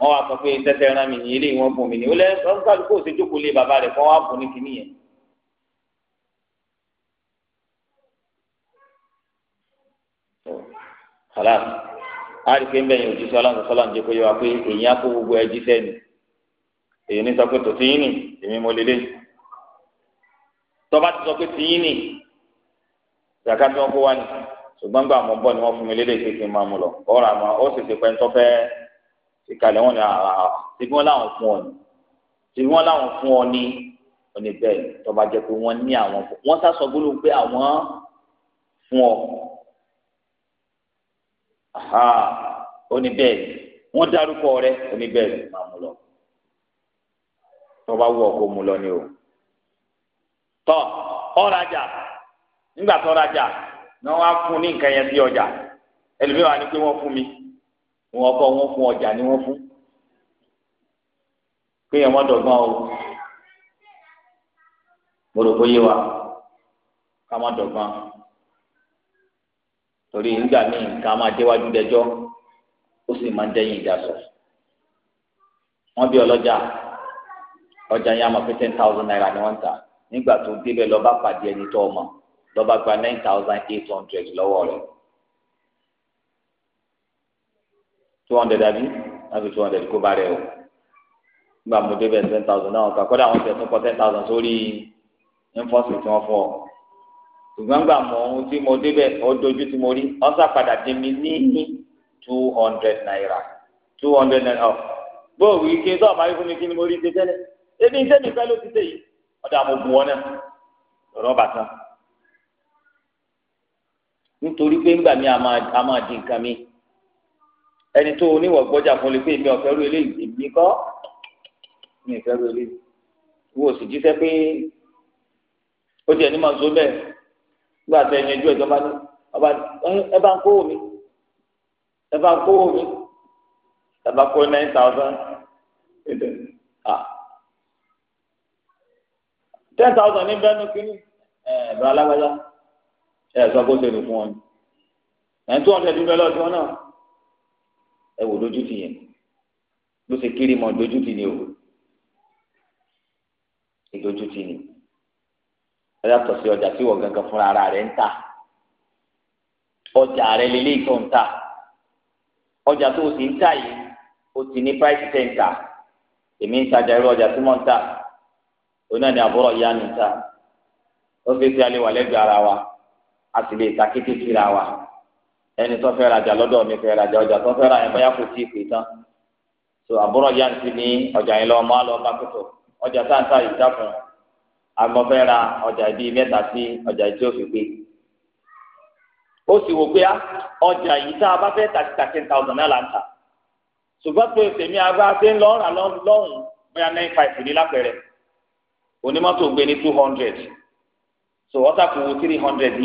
S1: wọ́n wá sọ pé tẹ́tẹ́ rán mi ní ilé ìwọ̀n bùn mi ní olè wọ́n gbàdú kó o ṣe jókòó lé bàbá rẹ̀ kó wọ́n bùn ní kínní yẹn. kàlá àríkè ń bẹ̀yìn òjíṣẹ́ ọlọ́run sọ́lá ń jẹ́ kó yẹ wa pé èyí á kó gbogbo ẹjí sẹ́ni èyí ní sọ pé tò tíyín nì èmi mo lélẹ̀ tọ́ba ti sọ pé tíyín nì zaka kó wá nìyí ṣùgbọ́n gbà mọ́ bọ́ ni wọ́n fún mi lédè pé kí n máa mú lọ ọ̀rọ̀ àmọ́ ó sì ti pẹ́ tó fẹ́ ìkàlẹ̀ wọn ni ah, ah, ah, tìbí wọn láwọn fún ọ ni tìbí wọn láwọn fún ọ ni wọn ni bẹ́ẹ̀ tó bá jẹ́ pé wọ́n ní àwọn fún wọ́n sá sọ gbólóhùn pé àwọn fún ọ ó ní bẹ́ẹ̀ wọ́n dárúkọ rẹ ó ní bẹ́ẹ̀ máa mú lọ tó bá ọ kó mú lọ ni o tọ́ ọ̀rajà nígbà tó ní wọn fún ní nǹkan yẹn sí ọjà ẹlòmíràn ni pé wọn fún mi wọn kọ wọn fún ọjà ni wọn fún pé ẹ wọn o mo rò bóyá wa ká má torí nígbà míì nǹkan máa déwájú dẹjọ́ ó sì máa ń dẹ́yìn ìdásọ wọn bí ọlọ́jà ọjà yẹn a máa pé ten thousand naira ni wọn ń nígbà tó débẹ̀ lọ bá pàdé ẹni tó ọmọ lọ́ba gba nine thousand eight hundred lọ́wọ́ rẹ̀ two hundred àbí láti two hundred kó bá rẹ̀ o nígbà mo débẹ̀ ten thousand náà kà kọ́dà àwọn tẹ̀sán kọ́ ten thousand sórí ẹ̀ńfọ́sì tí wọ́n fọ́ ọ ṣùgbọ́n gbà mọ ohun tí mo débẹ̀ ó dojú tí mo rí ọ̀sà padà dé mi ní two hundred naira two hundred naira ọ̀ bóòwù yìí kí n sọ̀rọ̀ máa rí fún mi kí ni mo rí ṣe tẹ́lẹ̀ ebi ń sẹ́mi fẹ́ ló ti ṣe yìí ọ̀dà mo bù wọn náà lọ́rọ́ bàtà nítorí pé ńgbà mi a máa di nǹkan mi ẹni tó oníwọ̀ gbọ́jà fún lè pé èmi ọ̀fẹ́ ru eléyìí èmi kọ́ mi ìfẹ́ ru eléyìí wo sì jíṣẹ́ pé ó tiẹ̀ ní máa ń so bẹ́ẹ̀ nígbà tó ẹni ẹjọ́ ìjọba ní ọba ẹ bá ń kówó mi ẹ bá ń kówó mi ẹ bá kó nine thousand ten thousand ní bẹ́ẹ̀ ní kíní ẹ̀ bá alágbájá ẹ sọ kó ṣe lù fún wọn ẹ̀ tó ọ̀sẹ̀ dúpẹ́ lọ́sí wọn náà ẹ wò lójú ti yẹn ló ṣe kiri mọ́ lójú ti ni o ìdójú ti ni ẹ yàtọ̀ sí ọjà tí wọ́n gangan fúnra ara rẹ̀ ń tà ọjà rẹ̀ lélẹ́yìí tó ń tà ọjà tó o sì ń tà yìí o ti ní price center èmi ń tajà irú ọjà tí mo ń tà onáà ní àbúrò ìyá ń tà ó fi ṣe alẹ́ wà lẹ́gbẹ̀ẹ́ ara wa. a sì lè wa ẹni tó fẹ́ rajà lọ́dọ̀ mi fẹ́ rajà ọjà tó fẹ́ ra ẹ̀ kò tí pè tán so àbúrò yá ti ní ọjà yẹn lọ́wọ́ máa lọ bá kótó ọjà táǹtà yìí dákun agbọ́fẹ́ ra ọjà bíi mẹ́ta sí ọjà tí ó fi pé ó sì ọjà yìí tá a bá fẹ́ thousand náà là ń tà ṣùgbọ́n pé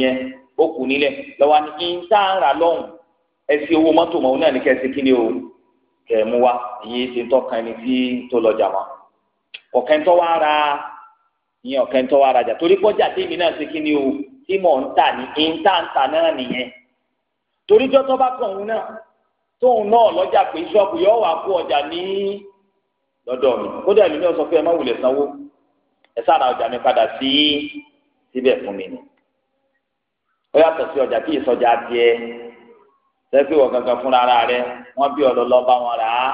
S1: O kù nílẹ̀ lọ́wọ́ ní ìta ara lọ́hùn ẹ fi owó mọ́tò mọ́ náà ní kẹsí kíni o kẹ mú wa ìyẹn ti ń tọ́ka ẹni tí tó lọ́jà mọ́ ọ̀kẹ́ tó wá ra ìyẹn ọ̀kẹ́ tó wá rajà torí kọjá tèmi náà ṣe kíni o tí mò ń tà ní ìta ń tà náà nìyẹn torí jọ́tọ́ bá kàn òun náà tóun náà lọ́jà pé ṣọ́ọ̀bù yóò wá kó ọjà ní lọ́dọ̀ mi kódà ìlú náà sọ pé ẹ má wulẹ̀ sanwó ẹ sára ọjà mi padà sí síbẹ̀ fún mi ni ó yàtọ̀ sí ọjà tí ìsọjà tiẹ̀ sẹ́fì wọ̀ gangan fúnra ara rẹ wọ́n bí ọ̀lọ́ lọ bá wọn rà á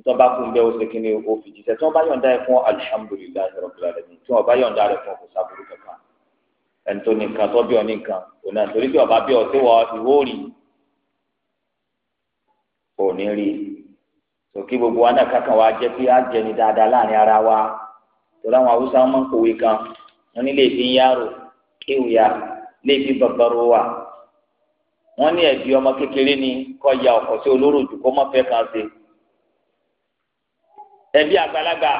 S1: ntọ́ba kún bẹ́ẹ̀ ó ṣe kí ni ó fi jíṣẹ́ tí wọ́n bá yọ̀ǹda ẹ̀ fún alihamudulilayi rabbil alamin tí wọ́n bá yọ̀ǹda rẹ̀ fún kò sábúrú kankan ẹni tó ní nǹkan tó bí ọ ní kò náà torí bí ọba bí ọ tí wọ ìwó rí kò ní rí òkè gbogbo wa náà kankan wa jẹ́ pé á jẹni dáadáa láàrin ara wa torí àwọn haúsá máa ń kòwé kan wọn nílé ìfín yàrá léèkì gbàgbọrọ wa wọn ní ẹbí ọmọ kékeré ni kọ ya ọkọ sí olóró jù kó má fẹ́ kàn sí ẹbí àgbàlagbà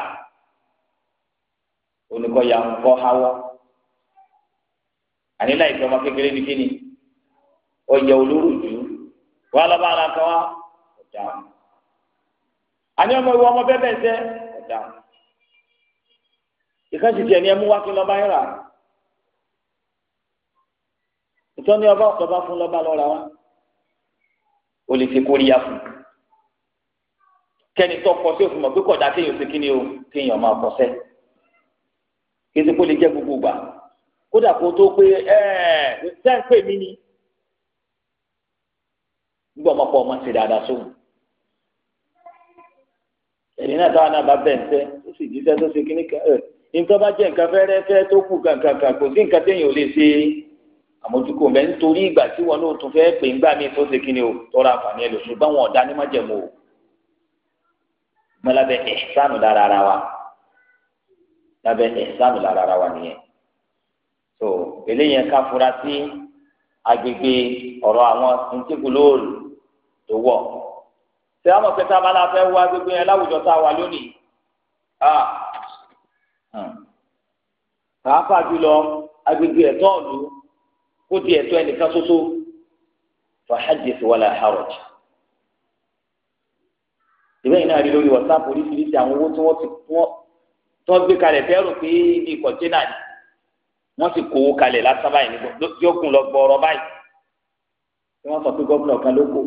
S1: olùkọyà ńkọ hawọ ànílá ìfẹ ọmọ kékeré ni kíni ọyà olóró jù wà lọba ara kan wa ọjà àní ọmọ ìwọ ọmọ bẹbẹ ń ọjà ìkànnì tiẹ̀ ni ẹ mú rà. ìtọ́ ní ọba ọ̀tọ̀ba fún lọ́ba lọ́ra wa o lè fi kóríyá fún kẹ́ni tó kọ́ sí òfin mọ̀ pé kọ̀dá kéèyàn ṣe kí ni o kéèyàn máa kọ́ sẹ́ kó lè jẹ́ gbogbo gbà kódà kó tó pé ni ọmọ dáadáa sóhun ẹni náà táwọn náà bá bẹ̀ ń sẹ́ ó sì tó ṣe àmójúkò mẹ nítorí ìgbà tí wọn náà tún fẹ́ pè ń gbà mí tó ṣe kí ni o tọrọ àǹfààní ẹ lò ṣùgbọ́n wọn ọ̀dá ní má jẹ̀mú o mọlábẹ ẹ̀sánù lára ara wa lábẹ ẹ̀sánù lára ara wa nìyẹn tó eléyẹn ká fura sí agbègbè ọ̀rọ̀ àwọn ntíkulóòlù tó wọ̀ ṣé àwọn pẹ̀sẹ̀ abala fẹ́ wá gbogbo yẹn láwùjọ tá a wà lónìí pàápàá jùlọ agbègbè ẹ̀tọ́ ọ̀lú ó di ẹ̀tọ́ ẹnìkan ṣoṣo fàájìsì wàlà haraj ìbẹ́yìn náà rí lórí whatsapp oríṣiríṣi àwọn owó tí wọ́n ti wọ́n gbé kalẹ̀ fẹ́rù pé ibi kọ̀ńténà ni wọ́n sì kó kalẹ̀ lásán báyìí yókùn lọ gbọ́ọ̀rọ̀ báyìí tí wọ́n sọ pé gómìnà kan ló kó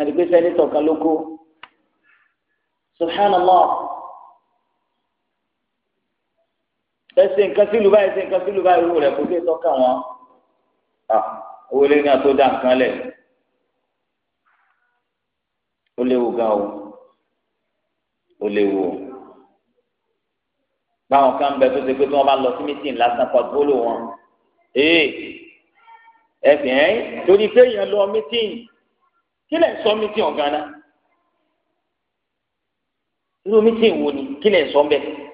S1: àdìgbé sẹ́nitọ̀ kan ló kó subhanallah. ẹsẹ̀ nǹkan sí lùbáyé ẹsẹ̀ nǹkan sí lùbáyé irú rẹ̀ kò sí tọ́ka wọn owó lé ní àtó dá nǹkan lẹ̀ ó léwu gan o ó léwu o báwọn kan bẹ tó ṣe pé tí wọ́n bá lọ sí mítìn lásán pọtbólò wọn ee ẹsẹ ẹ torí pé èèyàn lọ mítìn kí lẹ sọ mítìn ọ̀gá náà irú mítìn wo ni kí lẹ sọ bẹ́ẹ̀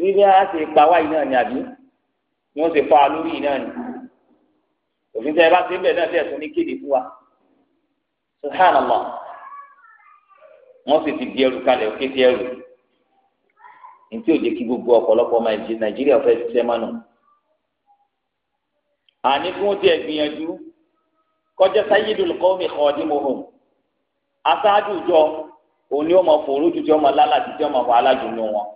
S1: bí bí a ṣe pa wáyé náà ni àbí bí wọ́n ṣe fa lórí yìí náà ni òfin tẹ ẹ bá ṣe ń bẹ̀ náà tẹ̀ tún ní kéde fún wa subhanallah wọ́n sì ti di ẹrù kalẹ̀ òkè ti ẹrù ntí ò jẹ́ kí gbogbo ọ̀pọ̀lọpọ̀ ọmọ nàìjíríà fẹ́ ṣiṣẹ́ mánu àní fún tiẹ̀ gbìyànjú kọjá sayyidul qawmi khadimuhum aṣáájú jọ òní ọmọ fòrújú tí ọmọ lálàtí tí ọmọ fọ alájùmọ̀ wọn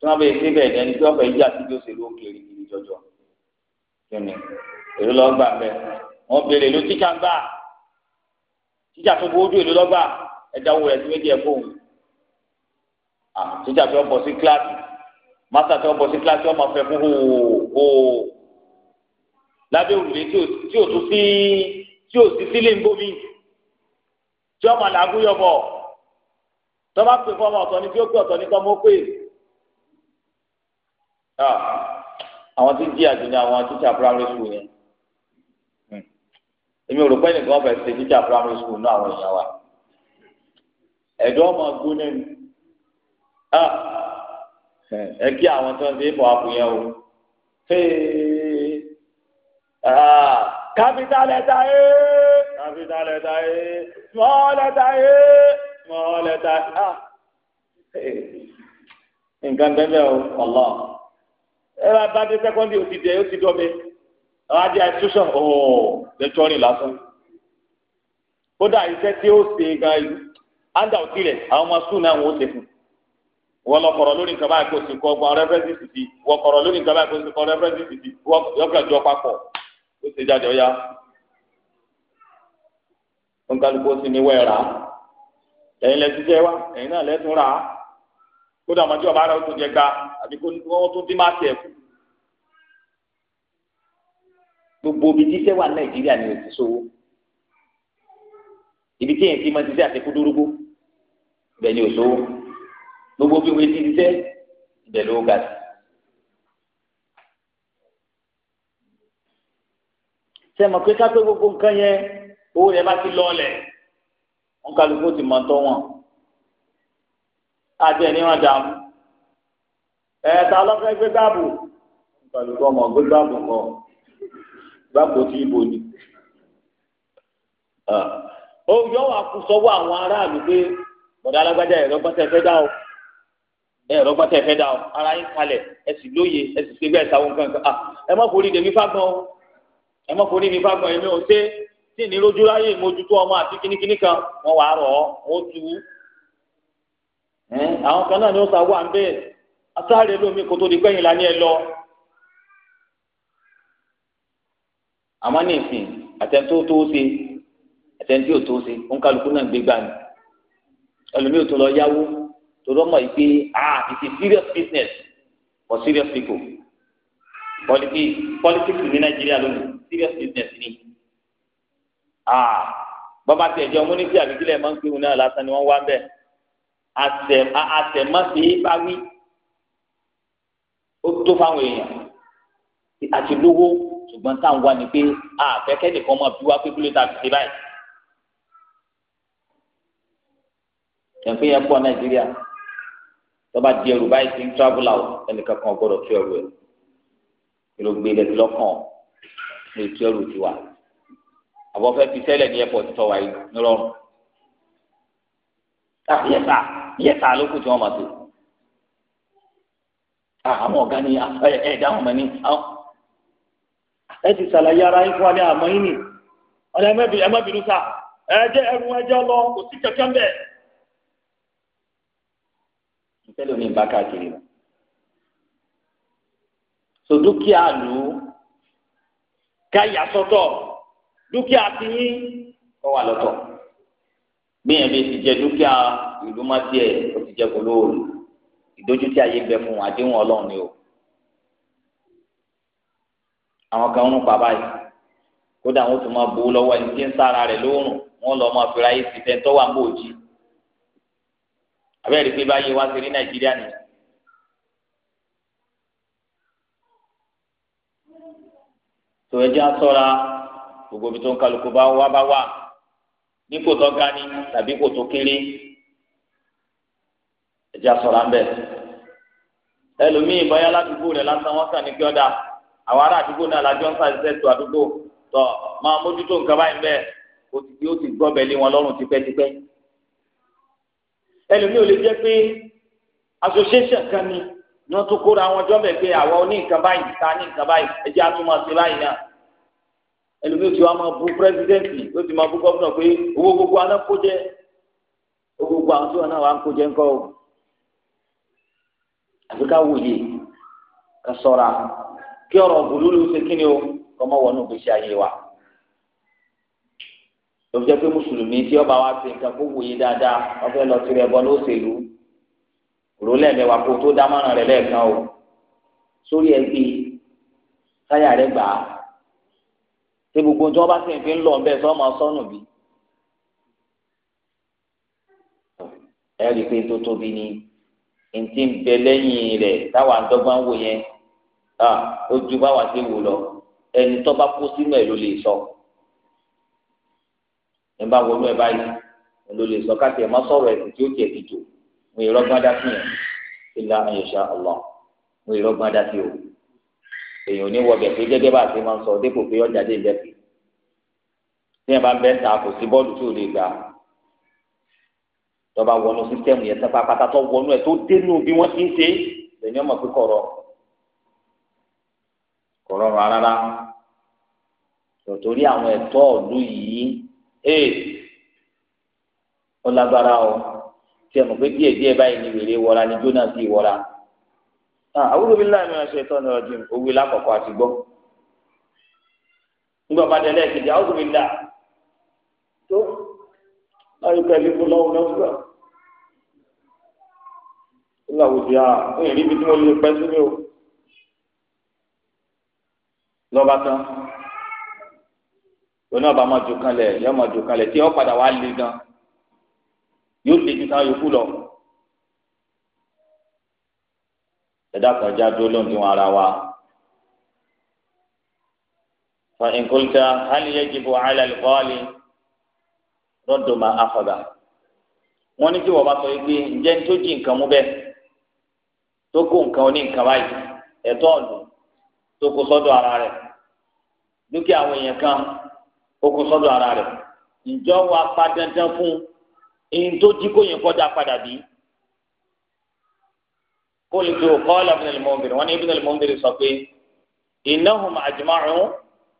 S2: tí wọn bẹ ṣe bẹ́ẹ̀ dẹni tí wọn fẹẹ yí
S1: àtijọ́ òṣèlú òkèèrè kiri jọjọ kíni èrò lọgbà bẹ wọn béèrè ló tíjà ń gbà tíjà tó bójú èrò lọgbà ẹja wo rẹ sí méjì ẹ fóun tíjà tó bọ sí kíláàsì mástà tó bọ sí kíláàsì ọmọ fẹ fún hòòhò lábẹ́ òrùlé tí ò tún sí tí ò sí sílé ń bómi tí ọmọ làágùn yọbọ tọ́ bá pè fún ọmọ ọ̀tọ̀ ni tí ó pè ọ̀tọ̀ ni tọ́ mọ́ pè é. Ah, àwọn tí jí àjò ní àwọn tíṣà primary school yẹn hmm. èmi ò rò pé nìkan fẹ́ ṣe tíṣà primary school náà àwọn èèyàn wa ẹ̀dọ́ ọmọ gbóná ni ah, ẹ kí àwọn tó ń ṣe ìfọ̀ àpò yẹn o ah, capital letter A capital letter A small letter A small letter A nǹkan bẹ́ẹ̀ bẹ́ẹ̀ o Allah ẹ bá bá dé sẹ́kọ́ndì ó ti dẹ̀ ó ti dọ́bẹ̀ àwọn adé àìsúsàn ọ̀ọ́ oh, lẹ́tọ́rìn lásán kódà iṣẹ́ tí ó ṣe gan ìlú áńdà òtí rẹ̀ àwọn ọmọ sùn náà wọ́n ṣe fún wọ́n lọ kọ̀rọ̀ lórí nǹkan báyìí kó sì kọ́ ọgbọ́n rẹ́fẹ́rẹ́sì sì ti wọ́n kọ̀rọ̀ lórí nǹkan báyìí kó sì kọ́ rẹ́fẹ́rẹ́sì sì ti yọkàn jọ papọ̀ ó ṣe jáde ọ̀ya nǹkan kó sì ní wẹ́ẹ̀rà ẹ̀yin lẹ́síṣẹ́ wa ẹ̀yin náà lẹ́sùn rà á kódà ọmọdé ọba rẹ̀ ó tún jẹ ká àbí kó wọ́n tún dín máa ti ẹ̀kú. gbogbo ibi tí iṣẹ́ wà ní nàìjíríà ni òtí sówó ibi tí èyàn ti máa ti ṣe àtẹkù dúrógbó bẹ́ẹ̀ ni òṣòwò gbogbo bí wọ́n ti ṣiṣẹ́ ibẹ̀ ló ga sí. sẹ́mọ̀ pé ká gbogbo nǹkan yẹn owó rẹ̀ bá ti lọ́ọ̀lẹ̀ wọn kálukú ti mọ̀ tọ́ wọn. àti ẹni wọn dààmú ẹ̀ẹ́ta lọ́fẹ́ gbé gbàbù nítorí kọ́ ọmọ gbé gbàbù kọ́ gbàbù tí ibo ni. ó yọ wà kú sọ́wọ́ àwọn aráàlú pé bọ̀dá alágbájá ẹ̀rọ gbọ́tẹ̀ ara yín kalẹ̀ ẹ sì lóye ẹ sì ṣe bẹ́ẹ̀ ẹ forí dèmí o ẹ forí mi ọmọ àti kínníkínní kan wọn ọ wọn tu àwọn kan náà ni asáré lómi kó tó di pẹ́yìn lání ẹ lọ. àmọ́ ní ìsìn àtẹ̀ntó tó ṣe àtẹ̀ntí ò tó ṣe òǹkàlùkù náà gbé gbà ní ẹlòmíì tó lọ yáwó tó lọ́mọ yìí pé ah it's a serious business for serious people politics politics ní nàìjíríà lónìí serious business ni ah bàbá tiẹ̀ jẹ́ ọmọ oníṣẹ́ àbíkílẹ̀ máa ń pé òun náà lásán ni wọ́n wá bẹ́ẹ̀ àtẹ̀ àtẹ̀ má ṣe é bá wí ó tó fáwọn èèyàn àti lówó ṣùgbọ́n táwọn wá ni pé àfẹ́kẹ́ nìkan máa bí wá pé kúlẹ̀ tá a fi ṣe báyìí.
S2: ẹ̀fín yẹn pọ̀ nàìjíríà
S1: tọ́ba di ẹrù báyìí ti ń travel out ẹnìkan kan gbọ́dọ̀ tú ẹrù ẹ̀ kí ló gbé lẹ́sìn lọ́kàn lè tú ẹrù tiwa àbọ̀fẹ́ fi sẹ́lẹ̀ ní airport tọ́wáyé nírọ̀rùn. yẹ́sà yẹ́sà ló kù tí wọ́n máa tó. Ah, àwọn ọ̀gá ni ah, ẹ̀ẹ́dá àwọn ọmọ ni ah. ẹ ti ṣàlàyé ara yín fún wa ní àmọ́ yín ni ọ̀lẹ́ ẹ̀mẹ́bìnú sá ẹ̀ẹ́dẹ́ ẹ̀rù ẹ̀jẹ̀ lọ kò sí kẹ̀kẹ́ ń bẹ̀. ìtẹ́lẹ̀ omi ìbá káàkiri so dúkìá lù ú káyà dúkìá ti yín wà ti jẹ dúkìá ìlú má o. ìdójútì ayé ń bẹ fún wọn àdéhùn Ọlọ́run ni o àwọn kan ń pa báyìí kódà wọn tún máa bò ó lọ́wọ́ ẹni tí ń sára rẹ̀ lóòrùn wọn lọ máa fira yìí sí tẹńtọ wà ń bò jí abẹ́rẹ́ pé báyìí wá sí ní Nàìjíríà nìyẹn.
S2: tó ẹjẹ asọra
S1: gbogbo ibi tó ń kálukú bá wá bá wà nípò tó ga ni tàbí kò tó kéré ẹjẹ asọra ń bẹ ẹlòmíì bọ́yá ládùúgbò rẹ̀ lásán wọ́n kàn ní kí ọ̀dà àwọn ará àdúgbò náà lájọ́ ń sàṣẹ́ tó àdúgbò tọ̀ máa mójútó nǹkan báyìí bẹ́ẹ̀ ó ti yóò ti gbọ́ bẹ̀ lé wọn lọ́rùn tipẹ́tipẹ́ ẹlòmíì ò lè jẹ́ pé association kan ni ni wọ́n tún kóra àwọn ọjọ́ bẹ̀ pé àwa oní nǹkan báyìí ta ní nǹkan báyìí ẹ jẹ́ àtúmọ̀ sí báyìí náà ẹlòmíì ò ti wá máa bu pírẹsidẹ́ǹtì ó ti máa bu gọ́fúnà àfi ká wòye ká ṣọ́ra kí ọ̀rọ̀ bùlúlù ṣe kí ni o kọmọ wọnú gbèsè ayé wa lọ́wọ́ jẹ́ pé mùsùlùmí tí ọba wa ṣe nǹkan kó wòye dáadáa wọ́n fẹ́ lọ tirẹ̀ bọ́ lóṣèlú òró lẹ́ẹ̀mẹ́wàá kó tó dámọ̀ràn rẹ̀ lẹ́ẹ̀kan o sórí ẹgbẹ́ táyà rẹ̀ gbà á ṣé gbogbo tí wọ́n bá sì fi ń lọ bẹ́ẹ̀ sọ́mọ sọ́nù bí ẹ̀rí pé tó tóbi ni ntí ń bẹ lẹ́yìn rẹ̀ táwa ń dọ́gba ń wò yẹn ó ju báwa ti wò lọ ẹni tó bá kó sínú ẹ̀ ló lè sọ ẹ bá wọnú ẹ báyìí ló lè sọ káàkiri ẹ má sọ̀rọ̀ ẹ̀sìn tí ó tiẹ̀ ti jò mo yẹ lọ́gbọ́n dá sí yẹn ilá ayọ̀ṣà ọlọ́ mo yẹ lọ́gbọ́n dá sí o èèyàn ò ní wọ bẹ̀ẹ́ gẹ́gẹ́ bá a ti máa ń sọ dépò pé ọjà dé ìjẹ́ tí ẹ bá ń bẹ́ẹ̀ ta kò sí bọ́ọ̀lù tí ò lè gbà á tọba wọnú sísẹmù yẹn tẹpá pátátọ wọnú ẹ tó dénú bí wọn ti ń ṣe lẹni ọmọ pé kọrọ kọrọ rárá tòtòrí àwọn ẹ̀tọ́ ọlú yìí ee eh, ó lágbára o tí pé díẹ̀ díẹ̀ báyìí ni wèrè wọra ni jóná sí wọra ah, àwùjọ bí láàmì ọ̀sẹ̀ ẹ̀tọ́ ní ọdún òwe lákọ̀ọ́kọ́ àti gbọ́ nígbà bá dé lẹ́ẹ̀kejì bí láà tó láyé pẹ̀lú ìfọlọ́wọ́ lọ́wọ́ nígbà wo di ara ó yẹ níbi tí mo lè pẹ́ sílé o lọ́ba tán òun náà bá máa jò kanlẹ̀ yóò máa jò kanlẹ̀ tí wọ́n padà wá lé gan yóò lé ju táwọn yòókù lọ. ẹ̀dá kan já dúró lóhùn tí wọ́n ara wa. fa nkulta hali yajibu ala alqali rọdùmá afọdà wọn ní kí wọ́n bá sọ yìí pé ǹjẹ́ ní nǹkan mú bẹ́ẹ̀ tó kó nǹkan oní nǹkan báyìí ẹ̀tọ́ ọ̀lù tó kó sọ́dọ̀ ara rẹ̀ dúkìá àwọn èèyàn kan ó kó sọ́dọ̀ ara rẹ̀ ǹjọ́ wa pa dandan fún ẹni tó jí kó yẹn kọjá padà bí kó lè fi òkọ́ Ibn al-Mundhir wọn ní Ibn al sọ pé innahum ajma'u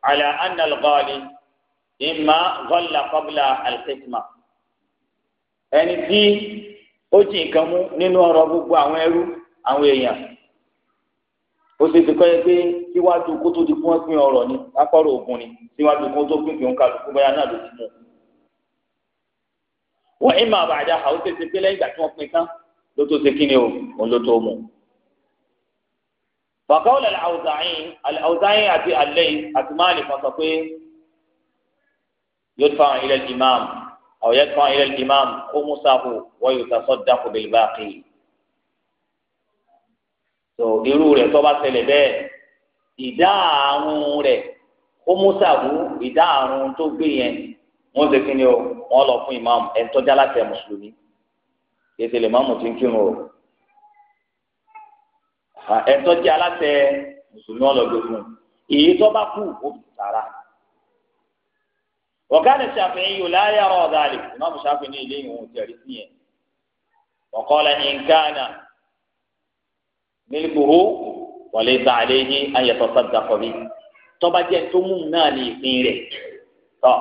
S1: ala anna al-ghali imma ghalla qabla ẹni tí ó jí nǹkan mú nínú ọ̀rọ̀ gbogbo àwọn ẹrú àwọn èèyàn ó ṣe ti kọ́ yẹ pé síwájú kó tó di kí wọ́n pín ọ̀rọ̀ ni lápọ̀rọ̀ ògùn ni síwájú kó tó pín ìpín kálukú báyà náà ló ti mú wọ́n ìmọ̀ àbàdà àwọn ṣe ti pé lẹ́yìn ìgbà tí wọ́n pín tán ló tó ṣe kí ni òun ló tó mú. فقول الأوزاعي الأوزاعي أبي الليث أتمالي فصفي يدفع إلى الإمام أو يدفع إلى الإمام خمسه ويتصدق بالباقي tó irú rẹ̀ tó bá ṣẹlẹ̀ bẹ́ẹ̀ ìdá àrùn rẹ̀ ó mú sàbú ìdá àrùn tó gbé yẹn wọ́n ṣe kí ni o wọ́n lọ fún ìmáàmù ẹ̀ tọ́já láti ẹ̀ mùsùlùmí ètò ìmáàmù ti ń kírun o ẹ̀ tọ́já láti ẹ̀ mùsùlùmí wọ́n lọ gbé fún un èyí tó bá kú ó fi sàrà. وكان الشافعي لا يرى ذلك الإمام الشافعي ليه هو تعرفني وقال إن كان mílíkùhù wọlé gba àléyé ayẹtọ sọdọkọ bí tọba jẹ tó mú náà ní ìpín rẹ̀ tọ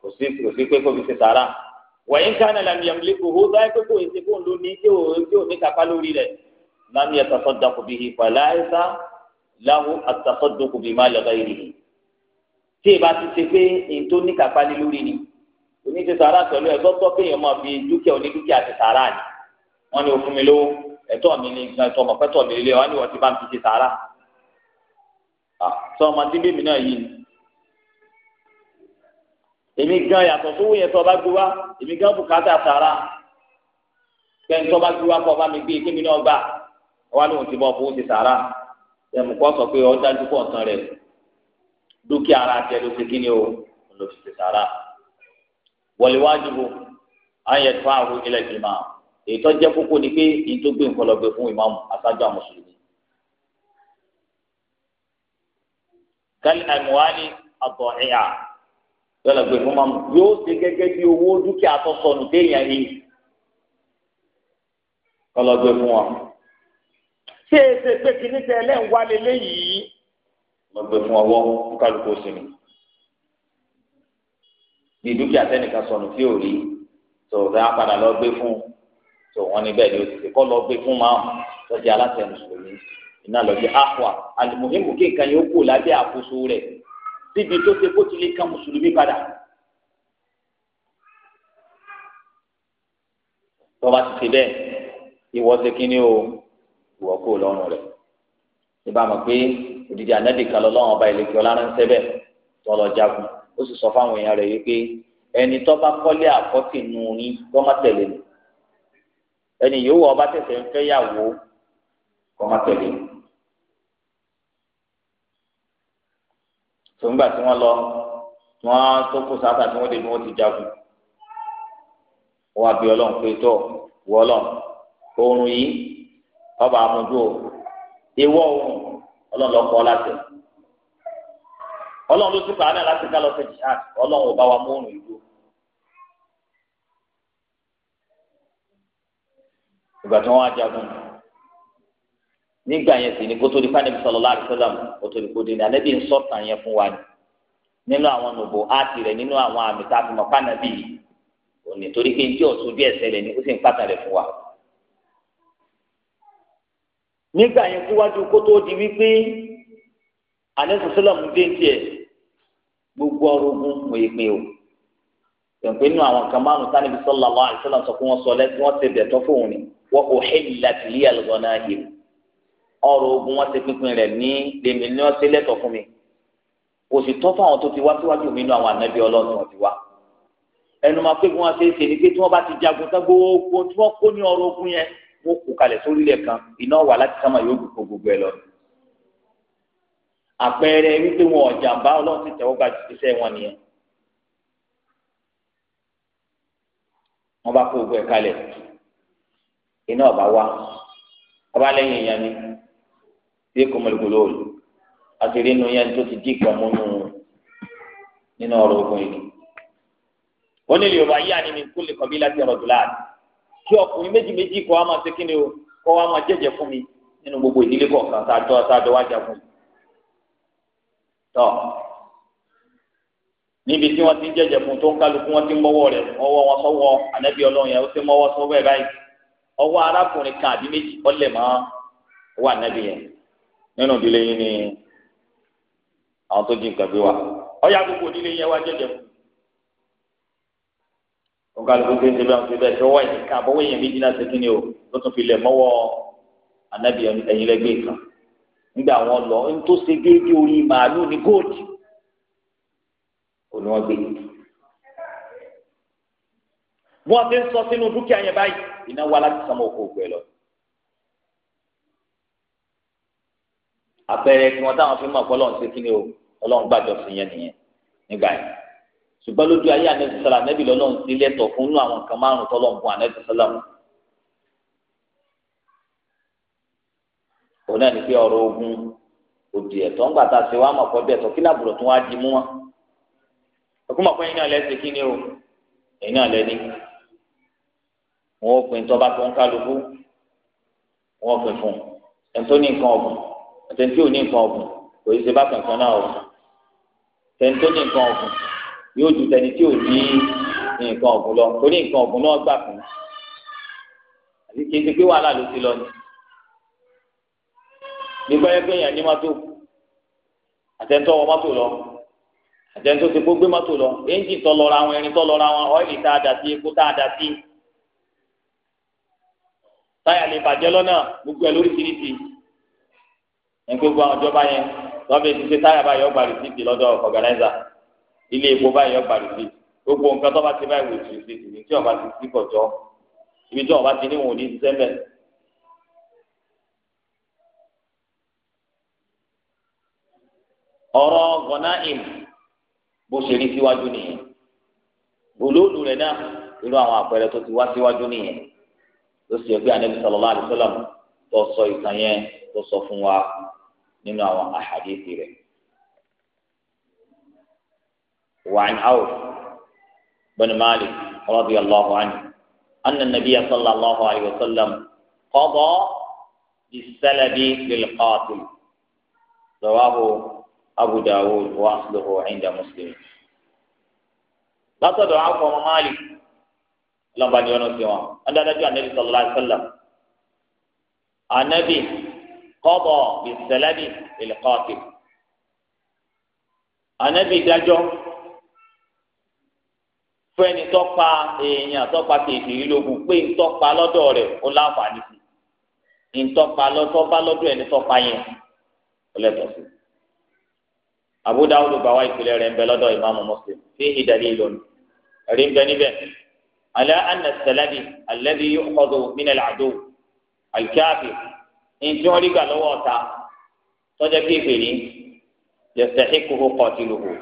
S1: kò sí kò sí pé kò fi ṣe sàrà wọ̀nyí kánà làmì yamlikuhu báyìí pé kò èsì fóun ló ní tí ò tí ò ní kápá lórí rẹ̀ làmì yẹtọ sọdọkọ bí hi pẹ̀lú àyíká láwù àtàkọdọkọ bí má lọgá yìí rè tí ìbá ti ṣe pé ètò ní kápá ní lórí ni oníṣẹ́ sàrà pẹ̀lú ẹ̀gbọ́n tó kéèyàn máa fi dúkìá onídúkìá ti sàrà ni wọ́n ní ó fún mi lówó ẹ̀tọ́ mi ni nǹkan ẹ̀tọ́ ọmọkẹtọ mi lé wa ni wọn ti bá ń fi ṣe sàárà sọ ọmọ tí bèmí náà yìí èmi gan yàtọ̀ sówó yẹn tó ọba gbé wa èmi gan bùkátà sàárà kẹ́ni tó ọba gbé wa kọ́ ọba mi gbé kémi náà gbà wa ni wọn ti bọ̀ fowó ṣe sàárà ẹ̀mùkọ́ sọ pé ọ́ dájú pọ̀ tán dúkìá ara jẹ ló ṣe kíni o ló fi ṣe sàárà wal wajibu an yadfa'ahu ila al-imam èyí tó jẹ́ kókó ni pé èyí tó gbé nǹkan lọ gbé fún ìmáàmù aṣáájú àwọn mùsùlùmí. kẹ́lí àmúhání àtọ̀ ẹ̀yà yọ̀ọ́ lọ gbé fún ìmáàmù yóò ṣe gẹ́gẹ́ bí owó dúkìá tó sọnù téèyàn yìí kọ́ lọ gbé fún wọn. ṣé e ṣe pé kí ní tẹ ẹlẹ́yìn wá lọ gbé fún ọwọ́ kálukú sinmi. ní dúkìá tẹnìkan sọnù tí ò rí tòun fẹ́ tó wọn níbẹ̀ ni ó ti ṣe kọ́ lọ gbé fún máàmù tọ́jú aláṣẹ mùsùlùmí iná lọ sí akwa alimuhimu kí nǹkan yẹn ó kú lábẹ́ àkóso rẹ̀ síbi tó ṣe kó ti lè kan mùsùlùmí padà. tọ́ba ti ṣe bẹ́ẹ̀ ìwọ ṣe kíní o ìwọ kó lọ́rùn rẹ̀ níbàámu pé òdìdí ànádìí kan lọ́wọ́ ọba ìlẹ́kẹ́ ọláránṣẹ́ bẹ́ẹ̀ tọ́lọ jagun ó sì sọ fáwọn èèyàn rẹ̀ wípé ẹni tọ́ba kọ́lé àkọ́tì nù ní gọ́mọ̀tẹ̀lẹ̀ nù ẹni yìí wọ ọba tẹsẹ ń fẹ́ yàwó kọ́má tẹ̀lé. tòǹgbà tí wọn lọ wọn tó kó sáfà tí wọ́n dé ni ti jagun. wọ́n abẹ́ ọlọ́run pé oorun yìí ọba àmójú o ewọ́ oorun ọlọ́run láti ló ti pàánà láti ká jihad ò bá wa mú oorun ìgbà tí wọ́n wá jagun nígbà yẹn sì ni kótó di fáńdẹ́bí sallallahu alaihi wasallam kótó di kóde ní anábì ń sọ̀tàn yẹn fún wa ni nínú àwọn nòbò áàtì rẹ̀ nínú àwọn àmì tá a fi mọ̀ fáńdẹ́bí òní torí pé njẹ́ ọ̀tún bí ẹ̀sẹ̀ lẹ̀ ni ó sì ń pàtàkì rẹ̀ fún wa. nígbà yẹn síwájú kótó di wípé anábì sọlọ́mù dé tiẹ̀ gbogbo ọrọ̀ ogun mọ̀ ìpín o pẹ̀pẹ́ nínú àwọn kan márùn-ún tánibí sallallahu sọ pé wọ́n sọ lẹ́sìn wọ́n ti bẹ̀tọ́ fóun ni wọ́n kò hẹ́lìlá tìlí àlùbọ́nà yìí ọrọ̀ ogun wọn ti pínpín rẹ̀ ní lèmi ní ọtí lẹ́tọ̀ fún mi kò sì tọ́ fún àwọn tó ti wá síwájú mi nínú àwọn ànábì ọlọ́run wọn wá ẹnu máa pé kí wọ́n ṣe é ṣe ni pé tí wọ́n bá ti jagun tán gbogbo tí wọ́n kó ní ọrọ̀ ogun yẹn wọ́n kó kalẹ̀ sórílẹ̀ kan iná wà láti sámà yóò dùn gbogbo ẹ lọ àpẹẹrẹ wípé wọn ọ̀jàmbá ọlọ́run ti tẹ̀wọ́ gba iṣẹ́ wọn nìyẹn wọ́n bá kó gbogbo ẹ̀ kalẹ̀ iná ọba wa ọba lẹ́yìn ìyá mi bí kò mọlẹkùlù òòlù àti rí inú yẹn tó ti dí ìpọ mọ nù nínú ọ̀rọ̀ ogun yìí wọn ní yorùbá yíyá ni mi kú lè kọbí láti ọ̀rọ̀ jùlá kí ọkùnrin méjì méjì kọ wa máa ṣe kíni o kọ wa máa jẹjẹ fún mi nínú gbogbo ìdílé kọ̀ọ̀kan sáájọ sáájọ wá jagun tọ níbi tí wọn ti ń jẹjẹ fún tó ń kálukú wọn ti ń mọ́wọ́ rẹ̀ ọwọ́ wọn sọ́wọ́ ànábì Ọlọ́run yẹn ó ti mọ́wọ́ sọ́wọ́ ẹ báyìí ọwọ́ arákùnrin kan àbí méjì ọlẹ̀ mọ́ wà nábì yẹn nínú ìdílé yín ni àwọn tó di nǹkan gbé wa ọyá gbogbo ìdílé yẹn wá jẹjẹ fún un nǹkan àlùkò tó ń ṣe bẹ́ẹ̀ ṣe bẹ́ẹ̀ ṣe ọwọ́ ẹ̀yìn kan àbọ̀wọ́ èèyàn méjì náà ṣe kí ni o ló tún fi lẹ̀ mọ́wọ́ ànábì ẹ̀yìn lẹ́gbẹ̀ẹ́ kan nígbà wọn lọ ń tó ṣe déédéé orí màálù ní góòdì òní yìí wọn ti ń sọ sínú dúkìá yẹn báyìí iná wa láti sọmọ òkú òkú ẹ lọ. àpẹẹrẹ kí wọn táwọn fi mọ ọpọlọ ń ṣe kí ni o Ọlọ́run gbàjọ sí yẹn nìyẹn nígbà yẹn ṣùgbọ́n lójú ayé Ànábì sọlá Ànábì lọ́lọ́run sí lẹ́tọ̀ fún inú àwọn nǹkan márùn tọ́lọ̀ ń fún Ànábì sọlá mu. òun náà ní pé ọ̀rọ̀ ogun òdì ẹ̀tọ́ ńgbà tá a ṣe wá mọ̀ pọ̀ ẹ̀tọ́ kí làbùrọ tó wá di mú wọn. ọkùnrin mọ̀ pé ẹ̀yin náà lẹ kí ni o ẹ̀yin náà lẹ wọn ò pin tọ́ba tó ń kálukú wọn ò pin fún ẹ̀ńtọ́ ní nǹkan ọ̀gùn ẹ̀ńtẹ́ntì ò ní nǹkan ọ̀gùn kò í ṣe bá kankan náà ọ̀gùn tẹ̀ńtọ́ ní nǹkan ọ̀gùn yóò ju tẹni tí ò ní nǹkan ọ̀gùn lọ torí nǹkan ọ̀gùn náà gbà fún àti kí n ti pé wàhálà ló ti lọ ni nígbà yẹn pé èèyàn ní mọ́tò àtẹ̀ńtọ́ wọ mọ́tò lọ àtẹ̀ńtọ́ ti kó gbé mọ́tò lọ éńjì tọ́ lọ́ra wọn ẹni tọ́ lọ́ra wọn ọ́ìlì táyà lè bàjẹ́ lọ́nà gbogbo ẹ̀ lórí tìrìtì ní gbogbo àwọn ìjọba yẹn lọ́bẹ̀ ti ṣe táyà báyọ̀ gba rìsíìtì lọ́dọ̀ ọ̀gánáìzà ilé epo báyọ̀ gba rìsíìtì gbogbo nǹkan tó bá ti báyìí wò rìsíìtì ní tí ọba ti sí kọjọ ibi tí ọba ti níwọ̀n ní sẹ́mẹ̀. ọ̀rọ̀ gọ̀náìm bó ṣe rí síwájú nìyẹn olóòlù rẹ̀ náà irú àwọn àpẹẹrẹ tó ti wá síwájú nìyẹn. tó sì ọgbẹ́ ànábì sallallahu alaihi wasallam tó sọ ìtàn yẹn tó sọ fún wa nínú àwọn àhàdíìsì rẹ̀. وعن عوف بن مالك رضي الله عنه أن النبي صلى الله عليه وسلم قضى بالسلب للقاتل رواه أبو داود وأصله عند مسلم لا تدعوا مالك ọlọ́mọba ni ọ̀nà sí wọn ọ̀dọ́dájú anabi sọlọ́lá sọlọ́ anabi kọ́bọ̀ bisẹ́lẹ́bì ìlẹ́kọ́ọ̀tì anabi dájọ́ fún ẹni tó pa èèyàn tó pa kéèké yìí lógun pé ntọ́ pa lọ́dọ̀ rẹ̀ ó láǹfààní sí ntọ́ pa lọ́tọ́ bá lọ́dọ̀ ẹni tó pa yẹn ó lẹ́tọ̀ọ́ sí. Abu Dawud gbà wá ìpìlẹ̀ rẹ̀ ń bẹ lọ́dọ̀ ìmáàmù Muslim fi ìdàlẹ́ ìlọrin rí ń bẹ níbẹ̀. على أن السلبي الذي يؤخذ من العدو الكافر إن جعلك لواتا تجكي فيه يستحقه قاتله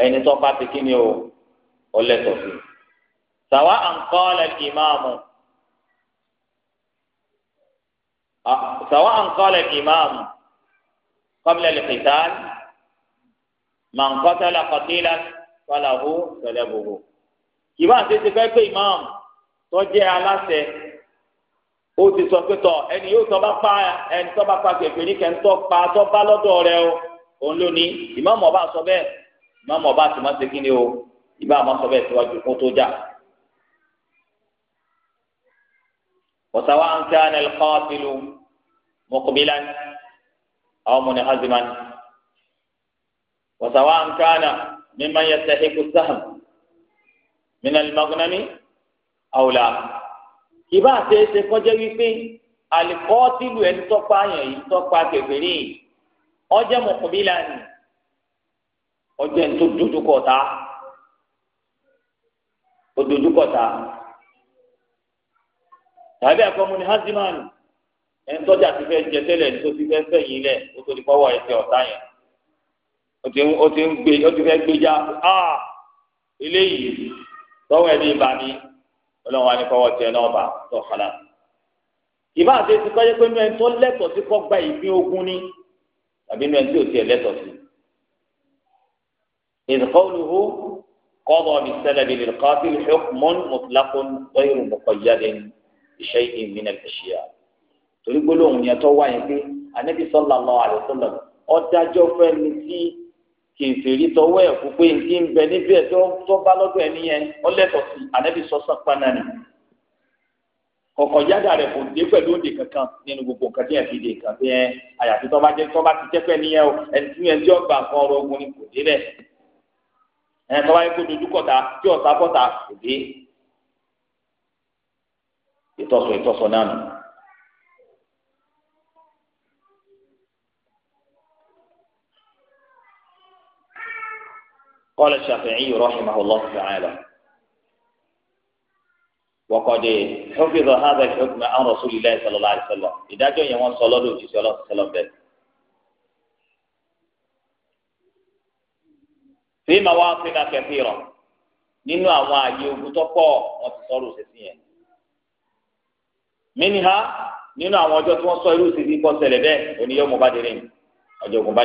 S1: أين توقع تكينيو ولا توفي سواء قال الإمام آه، سواء قال الإمام قبل القتال من قتل قتيلا فله سلبه ìbá àti ti fẹ́ pé imam tó jẹ́ aláṣẹ ó ti sọ pé tọ ẹni yóò tọ́ bá pa ẹni tọ́ bá pa kẹfẹ́ ní kẹ́ńtọ́ pa tọ́ bá lọ́dọ̀ rẹ o òun ló ní imam ọba sọ bẹ́ẹ̀ imam ọba sì máa ṣe kí ni o ìbá àmọ́ sọ bẹ́ẹ̀ síwájú kó tó jà. wọ́sàwá ń kí ànà ẹ̀kọ́ tìlú mọ́kùnbílá àwọn ọmọ ní azimani wọ́sàwá ń kí ànà mímọ́ yẹ sẹ́hìn minal magnani àwòlà ìbá àti ẹsẹ kọjá wípé alikọ́tìlù ẹni tọ́pa yẹn yìí tọ́pa kẹfẹ́rẹ́ yìí ọjọ́ mọ̀kùnmílà ni ọjọ́ ẹni tó dojú kọta ó dojú kọta tàbí àkọ́mu ni hasimani ẹni tọ́jà ti fẹ́ jẹ tẹ́lẹ̀ tó ti fẹ́ fẹ̀yìn lẹ̀ ó tó di pọ́wọ́ ẹsẹ̀ ọ̀tá yẹn ó ti ń gbé ó ti fẹ́ gbéjà ah eléyìí tọ́wọ́ ẹbí ń bá mi ọlọ́run wa ní kọ́wọ́ tiẹ̀ náà bá tọ́ kọ́lá. ìbá àti etí kọ́jẹ́ pé inú ẹni tó lẹ́tọ̀ọ́ sí kọ́ gba ìpín ogún ní tàbí inú ẹni tí ò tiẹ̀ lẹ́tọ̀ọ́ sí. ìdíkọ́lùhù kọ́dọ̀ mi sẹ́lẹ̀ bí lèkọ́tì hukmun mutlaqun ghayru muqayyadin bi shay'in min al-ashya. torí gbólóhùn yẹn tó wáyé pé Ànábì sallallahu alaihi wasallam ó dájọ́ fẹ́ni tí kèfèrí tọwọ́ ẹ̀ kó pé nǹkan ń bẹ níbẹ̀ tó bá lọ́dọ̀ ẹni yẹn ọlẹ́tọ̀ sí ànábì sọ́sàn paná ni kọ̀kọ̀ yáda rẹ̀ kò dé pẹ̀lú òde kankan nínú gbogbo nǹkan tí yẹn fi dé nǹkan bí yẹn àyàfi tọ́ba jẹ́ tọ́ba ti jẹ́ pẹ́ níyẹn o ẹni tí yẹn tí ó gbà kan ọrọ̀ ogun ni kò dé bẹ̀ ẹ̀ tọ́ba yẹn kó dojúkọ̀ta tí ọ̀sà bọ̀ta kò dé ìtọ́sọ̀ ìtọ́sọ̀ náà nù. قال الشافعي رحمه الله تعالى وقد حفظ هذا الحكم عن رسول الله صلى الله عليه وسلم إذا كان يوم صلى الله عليه وسلم في مواطن كثيرة nínú àwọn ààyè ogun tó wọ́n ti sọ̀rọ̀ yẹn. nínú àwọn ọjọ́ tí wọ́n sọ irú òṣèṣì kọ́ ṣẹlẹ̀ bẹ́ẹ̀ oníyẹ́wò bá dé rìn ọjọ́ ogun bá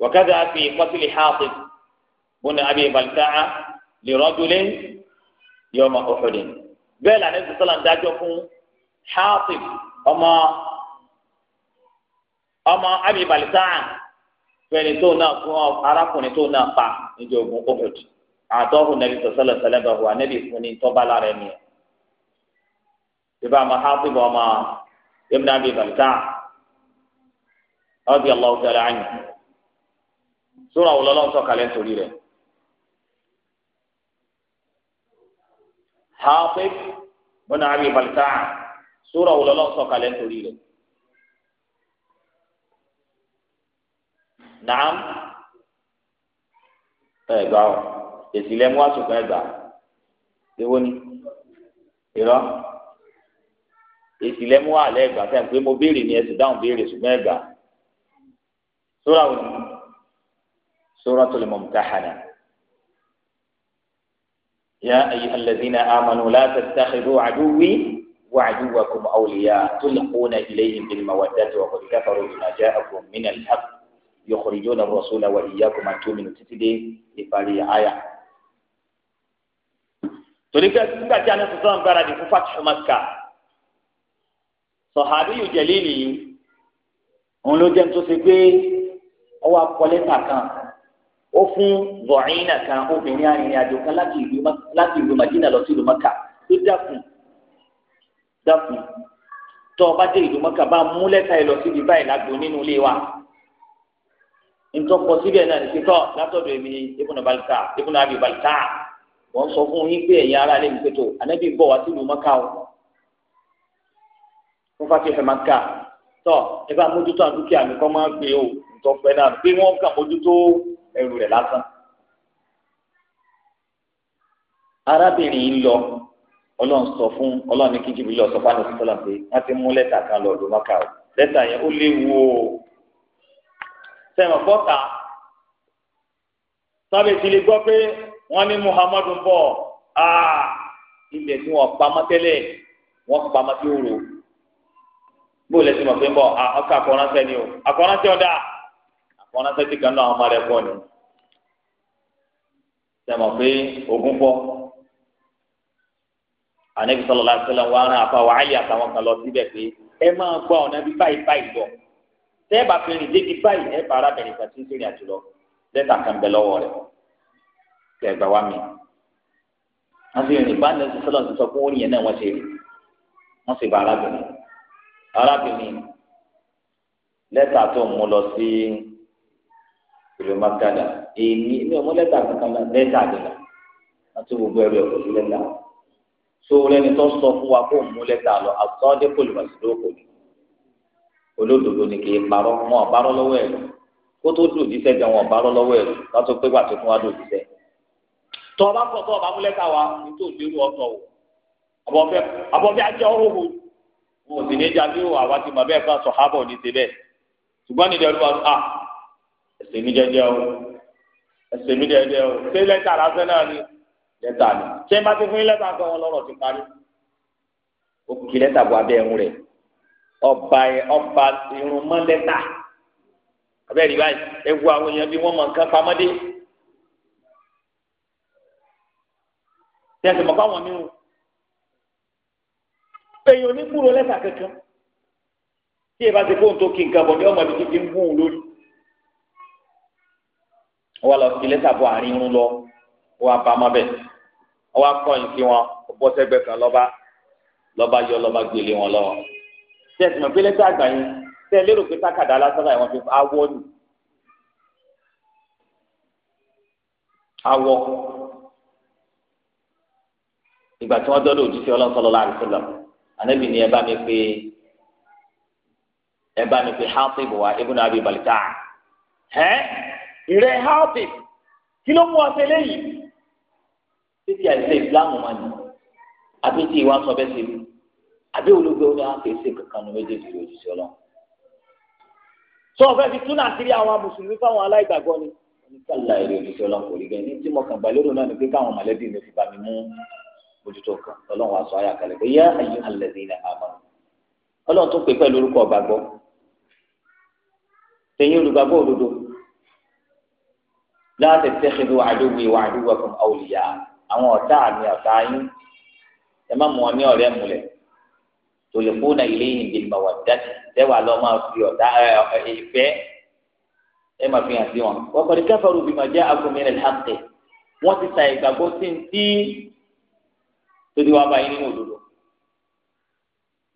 S1: وكذا في قتل حاطب بن أبي بلتاع لرجل يوم أحد بل عن النبي صلى الله عليه وسلم حاطب أما أما أبي بلتاع fẹni tó náà fún ọ arákùnrin tó náà pa níbi ogun Uhud àtọ́hùn nàbí sọ̀sọ́lọ̀ sẹ́lẹ̀bẹ̀ wà nàbí fún ní tọ́ba lára ẹni ẹ̀. ìbámu hàpìbọ̀ ọmọ ibùdó àbí bàtà ọ̀dì ọlọ́ọ̀tẹ̀lẹ̀ ànyìn sóra wo lọ́lọ́run sọ̀kalẹ̀ nítorí rẹ̀. Haatib bin Abi Baltaa sóra wo lọ́lọ́run sọ̀kalẹ̀ nítorí rẹ̀. Naam ẹgbàá o èsì lẹ́mú àsùnkàn ẹgbàá ewo ni irọ́ èsì lẹ́mú àlẹ́ ẹgbàá sẹ́yìn pé mo béèrè ni ẹ̀sìn dáhùn béèrè ṣùgbọ́n ẹgbàá sóra wo ni. سورة الممتحنة يا أيها الذين آمنوا لا تتخذوا عدوي وعدوكم أولياء تلقون إليهم بالمودة وقد كفروا بما جاءكم من الحق يخرجون الرسول وإياكم أن تؤمنوا تتدي لبالي آية تلك سنة كان سلطان بردي فتح مكة صحابي جليلي أولو جنتو سيكي أو أقوالي كان ó fún bọ̀ọ̀yìnà kan obìnrin arìnrìn-àjò kan láti ìlú madina lọ sí ìlú maka tó dákun dákun tó o bá dé ìlú maka bá mú lẹ́tà ẹ lọ síbi báyìí lágbo nínú ilé wa ntọ́kọ síbẹ̀ náà nìṣẹ́ tọ́ látọ̀dọ̀ èmi ibùnà balùkà ibùnà àbí balùkà wọ́n sọ fún yín pé ẹ̀yin ará lè mi pé tó bọ̀ wá sí ìlú maka o wọ́n fà ti fẹ́ maka tọ́ ẹ bá mójútó àdúkìá mi kọ́ máa gbé o ntọ́pẹ́ náà bí wọ́n kà mójútó ẹrù rẹ̀ lásán. arábìnrin yìí lọ ọlọ́run sọ fún ọlọ́run ní kí jìbìlì lọ sọ fún àná sísọ́lá pé wọ́n ti mú lẹ́tà kan lọ ọ̀dọ̀ mọ́kà o lẹ́tà yẹn ó léwu o sẹ́wọ̀n bọ́ta sábẹ́ ti lè gbọ́ pé wọ́n ní muhammadu bọ̀ aa ilẹ̀ tí wọ́n pamọ́ tẹ́lẹ̀ wọ́n pamọ́ tí ó rò bó lẹ́sìn mọ̀ pé ń bọ̀ ọkọ̀ àkọ́ránṣẹ́ ni o àkọ́ránṣẹ́ ọ̀dà wọn náà sẹ́tì kan náà àwọn ọmọ rẹ̀ pọ̀ ni sẹ́mọ̀ pé ogun pọ̀ ànábi sọlọ láti sọlọ wọn aràn àfa wàhálì àtàwọn kan lọ síbẹ̀ pé ẹ máa gbọ́ ọ̀nà bí báyìí báyìí bọ̀ tẹ́ ẹ bá fi rìn débi báyìí ẹ bá arábìnrin kan tí ń sèrìn àjùlọ lẹ́tà kan bẹ lọ́wọ́ rẹ̀ kí ẹ gbà wá mi. wọ́n rìn báyìí lọ́sọ̀ sọlọ sọ pé wọ́n yẹn náà wọ́n ṣe rìn wọ́n sì bá arábìnrin arábìnrin lẹ́tà tó ń mú lọ sí. Si, pẹ̀lú makada èmi ní ọmọ lẹ́tà kankan lẹ́tà àdìlà àti gbogbo ẹrù ẹ̀kọ́ sí lẹ́tà tó lẹ́ni tó sọ fún wa kó mú lẹ́tà lọ àtọ́dé pòlùmọ̀sílókò ni olódodo ni kì í parọ́ wọn ọ̀bárọ́ lọ́wọ́ ẹ̀ kó tó dùn jíṣẹ́ gan wọn ọ̀bárọ́ lọ́wọ́ ẹ̀ ká tó pé wà tó fún wa dùn jíṣẹ́ tọ́ ọba pọ̀ tọ́ ọba mú lẹ́tà wa ní tó lérò ọ̀tọ̀ o àbọ̀fẹ́ àbọ̀fẹ́ ajẹ́ ọ̀hún o sì ní jáde o àwa ti mọ̀ bẹ́ẹ̀ kan sọ̀ ẹsẹ̀ mi jẹ́jẹ́ o ẹsẹ̀ mi jẹ́jẹ́ o ṣé lẹ́tà lásán náà ni lẹ́tà ni ṣé bá ti fún lẹ́tà sọ wọn lọ́rọ̀ ti parí ó kì í lẹ́tà bọ abẹ́ ẹ̀hún rẹ̀ ọba ọba irun mọ́ lẹ́tà abẹ́rẹ́ báyìí ẹ wo àwọn èèyàn bí wọ́n mọ nǹkan pamọ́dé tẹ̀sí mọ̀ fáwọn mírun èèyàn ò ní kúrò lẹ́tà kankan tí ẹ bá ti fóun tó kí nǹkan bọ̀ ní ọmọ ibi tí ti ń gún un lórí wọ́n lọ sí lẹ́tà bọ́ àárín irun lọ wọ́n abamọ́ bẹ̀ wọ́n akọ́yìn sí wọn bọ́ sẹ́gbẹ́ kan lọ́ba lọ́ba yọ lọ́ba gbélé wọn lọ́wọ́ tẹ́ ẹ̀sìn mọ̀ pé lẹ́tà àgbà yín tẹ́ ẹ lérò pé tákàdá lásán láì fi awọ́ nù awọ́ ìgbà tí wọ́n dọ́dọ̀ òjíṣẹ́ ọlọ́sọ̀lọ́ láàrin sílẹ̀ ànábì ni ẹ bá mi pé ẹ bá mi pé hásìbù wa ibùdó àbí balùtà ìrẹ́ háàpì kí ló mú ọtẹ lẹ́yìn títí àìsè ìsìláàmù wọn ni àbí tí ìwà sọ bẹ́ẹ̀ ṣe rí àbí olóògbé ó ní wọn kì í ṣe kankan ní méjèèjì ló ti ṣe ọlọ́run. sọ fẹ́ fi túnà sírí àwọn mùsùlùmí fáwọn aláìgbàgbọ́ ni oníkàlà èrè òṣìṣẹ́ ọlọ́run kò rí gẹ́ ní tí mo kàn gbà lérò náà ni pé káwọn mọ̀lẹ́bí mi fi bá mi mú ojútó kan ọlọ́run aṣọ ayé àkàlẹ̀ pé yá ayé alẹ́ ní ilẹ̀ àmọ́ ọlọ́run tó pè pẹ̀lú orúkọ ọ̀gbàgbọ́ tẹ̀yìn olùgbàgbọ́ òdodo láti tẹ́kẹ̀dù àdúgbò ìwà àdúgbò kan àwòlíyà àwọn ọ̀tá àmì ọ̀tá yín ẹ má mú wọn ní ọ̀rẹ́ múlẹ̀ tòlẹ́kùnà ilé yìí bíi màwàdàtì tẹ́wà lọ́ máa fi ọ̀tá ìfẹ́ ẹ máa fi hàn sí wọn. wọ́n kọ́ni káfọ́rù bíi màjá akómìnira láǹtẹ̀ wọ́n ti ta ìgbàgbọ́ sí ń tí tóbi wá báyìí nínú òdodo.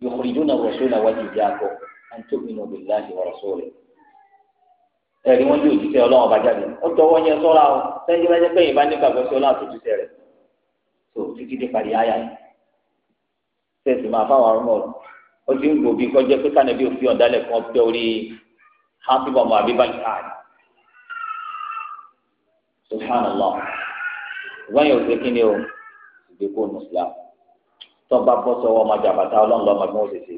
S1: yòkùrìdúnà rọ̀ṣọ́nà wájú ìjà ẹ̀rí wọn lé òjúṣe ọlọ́run ọba jáde ó tọwọ́ yẹn sọ́ra o sẹ́yìn bá jẹ́ pé yìnbá nípa gbèsè ọlọ́run àtòjúṣe rẹ̀ tó títí dé parí ayá yìí sẹ́ẹ̀sì máa fáwọn ọmọ rẹ̀ ó ti ń gbòbí kọjá pé kánẹ́bí òfin ọ̀dálẹ̀ kan pẹ́ orí hafibọ̀mù àbíbáyìí káàdì subhanallah wọ́n yóò ṣe kíni o ìgbé kó nù sílá tọ́ba bọ́ sọ́wọ́ ọmọ jàbàtà ọlọ́run lọ́mọ bí wọ́n ṣe ṣe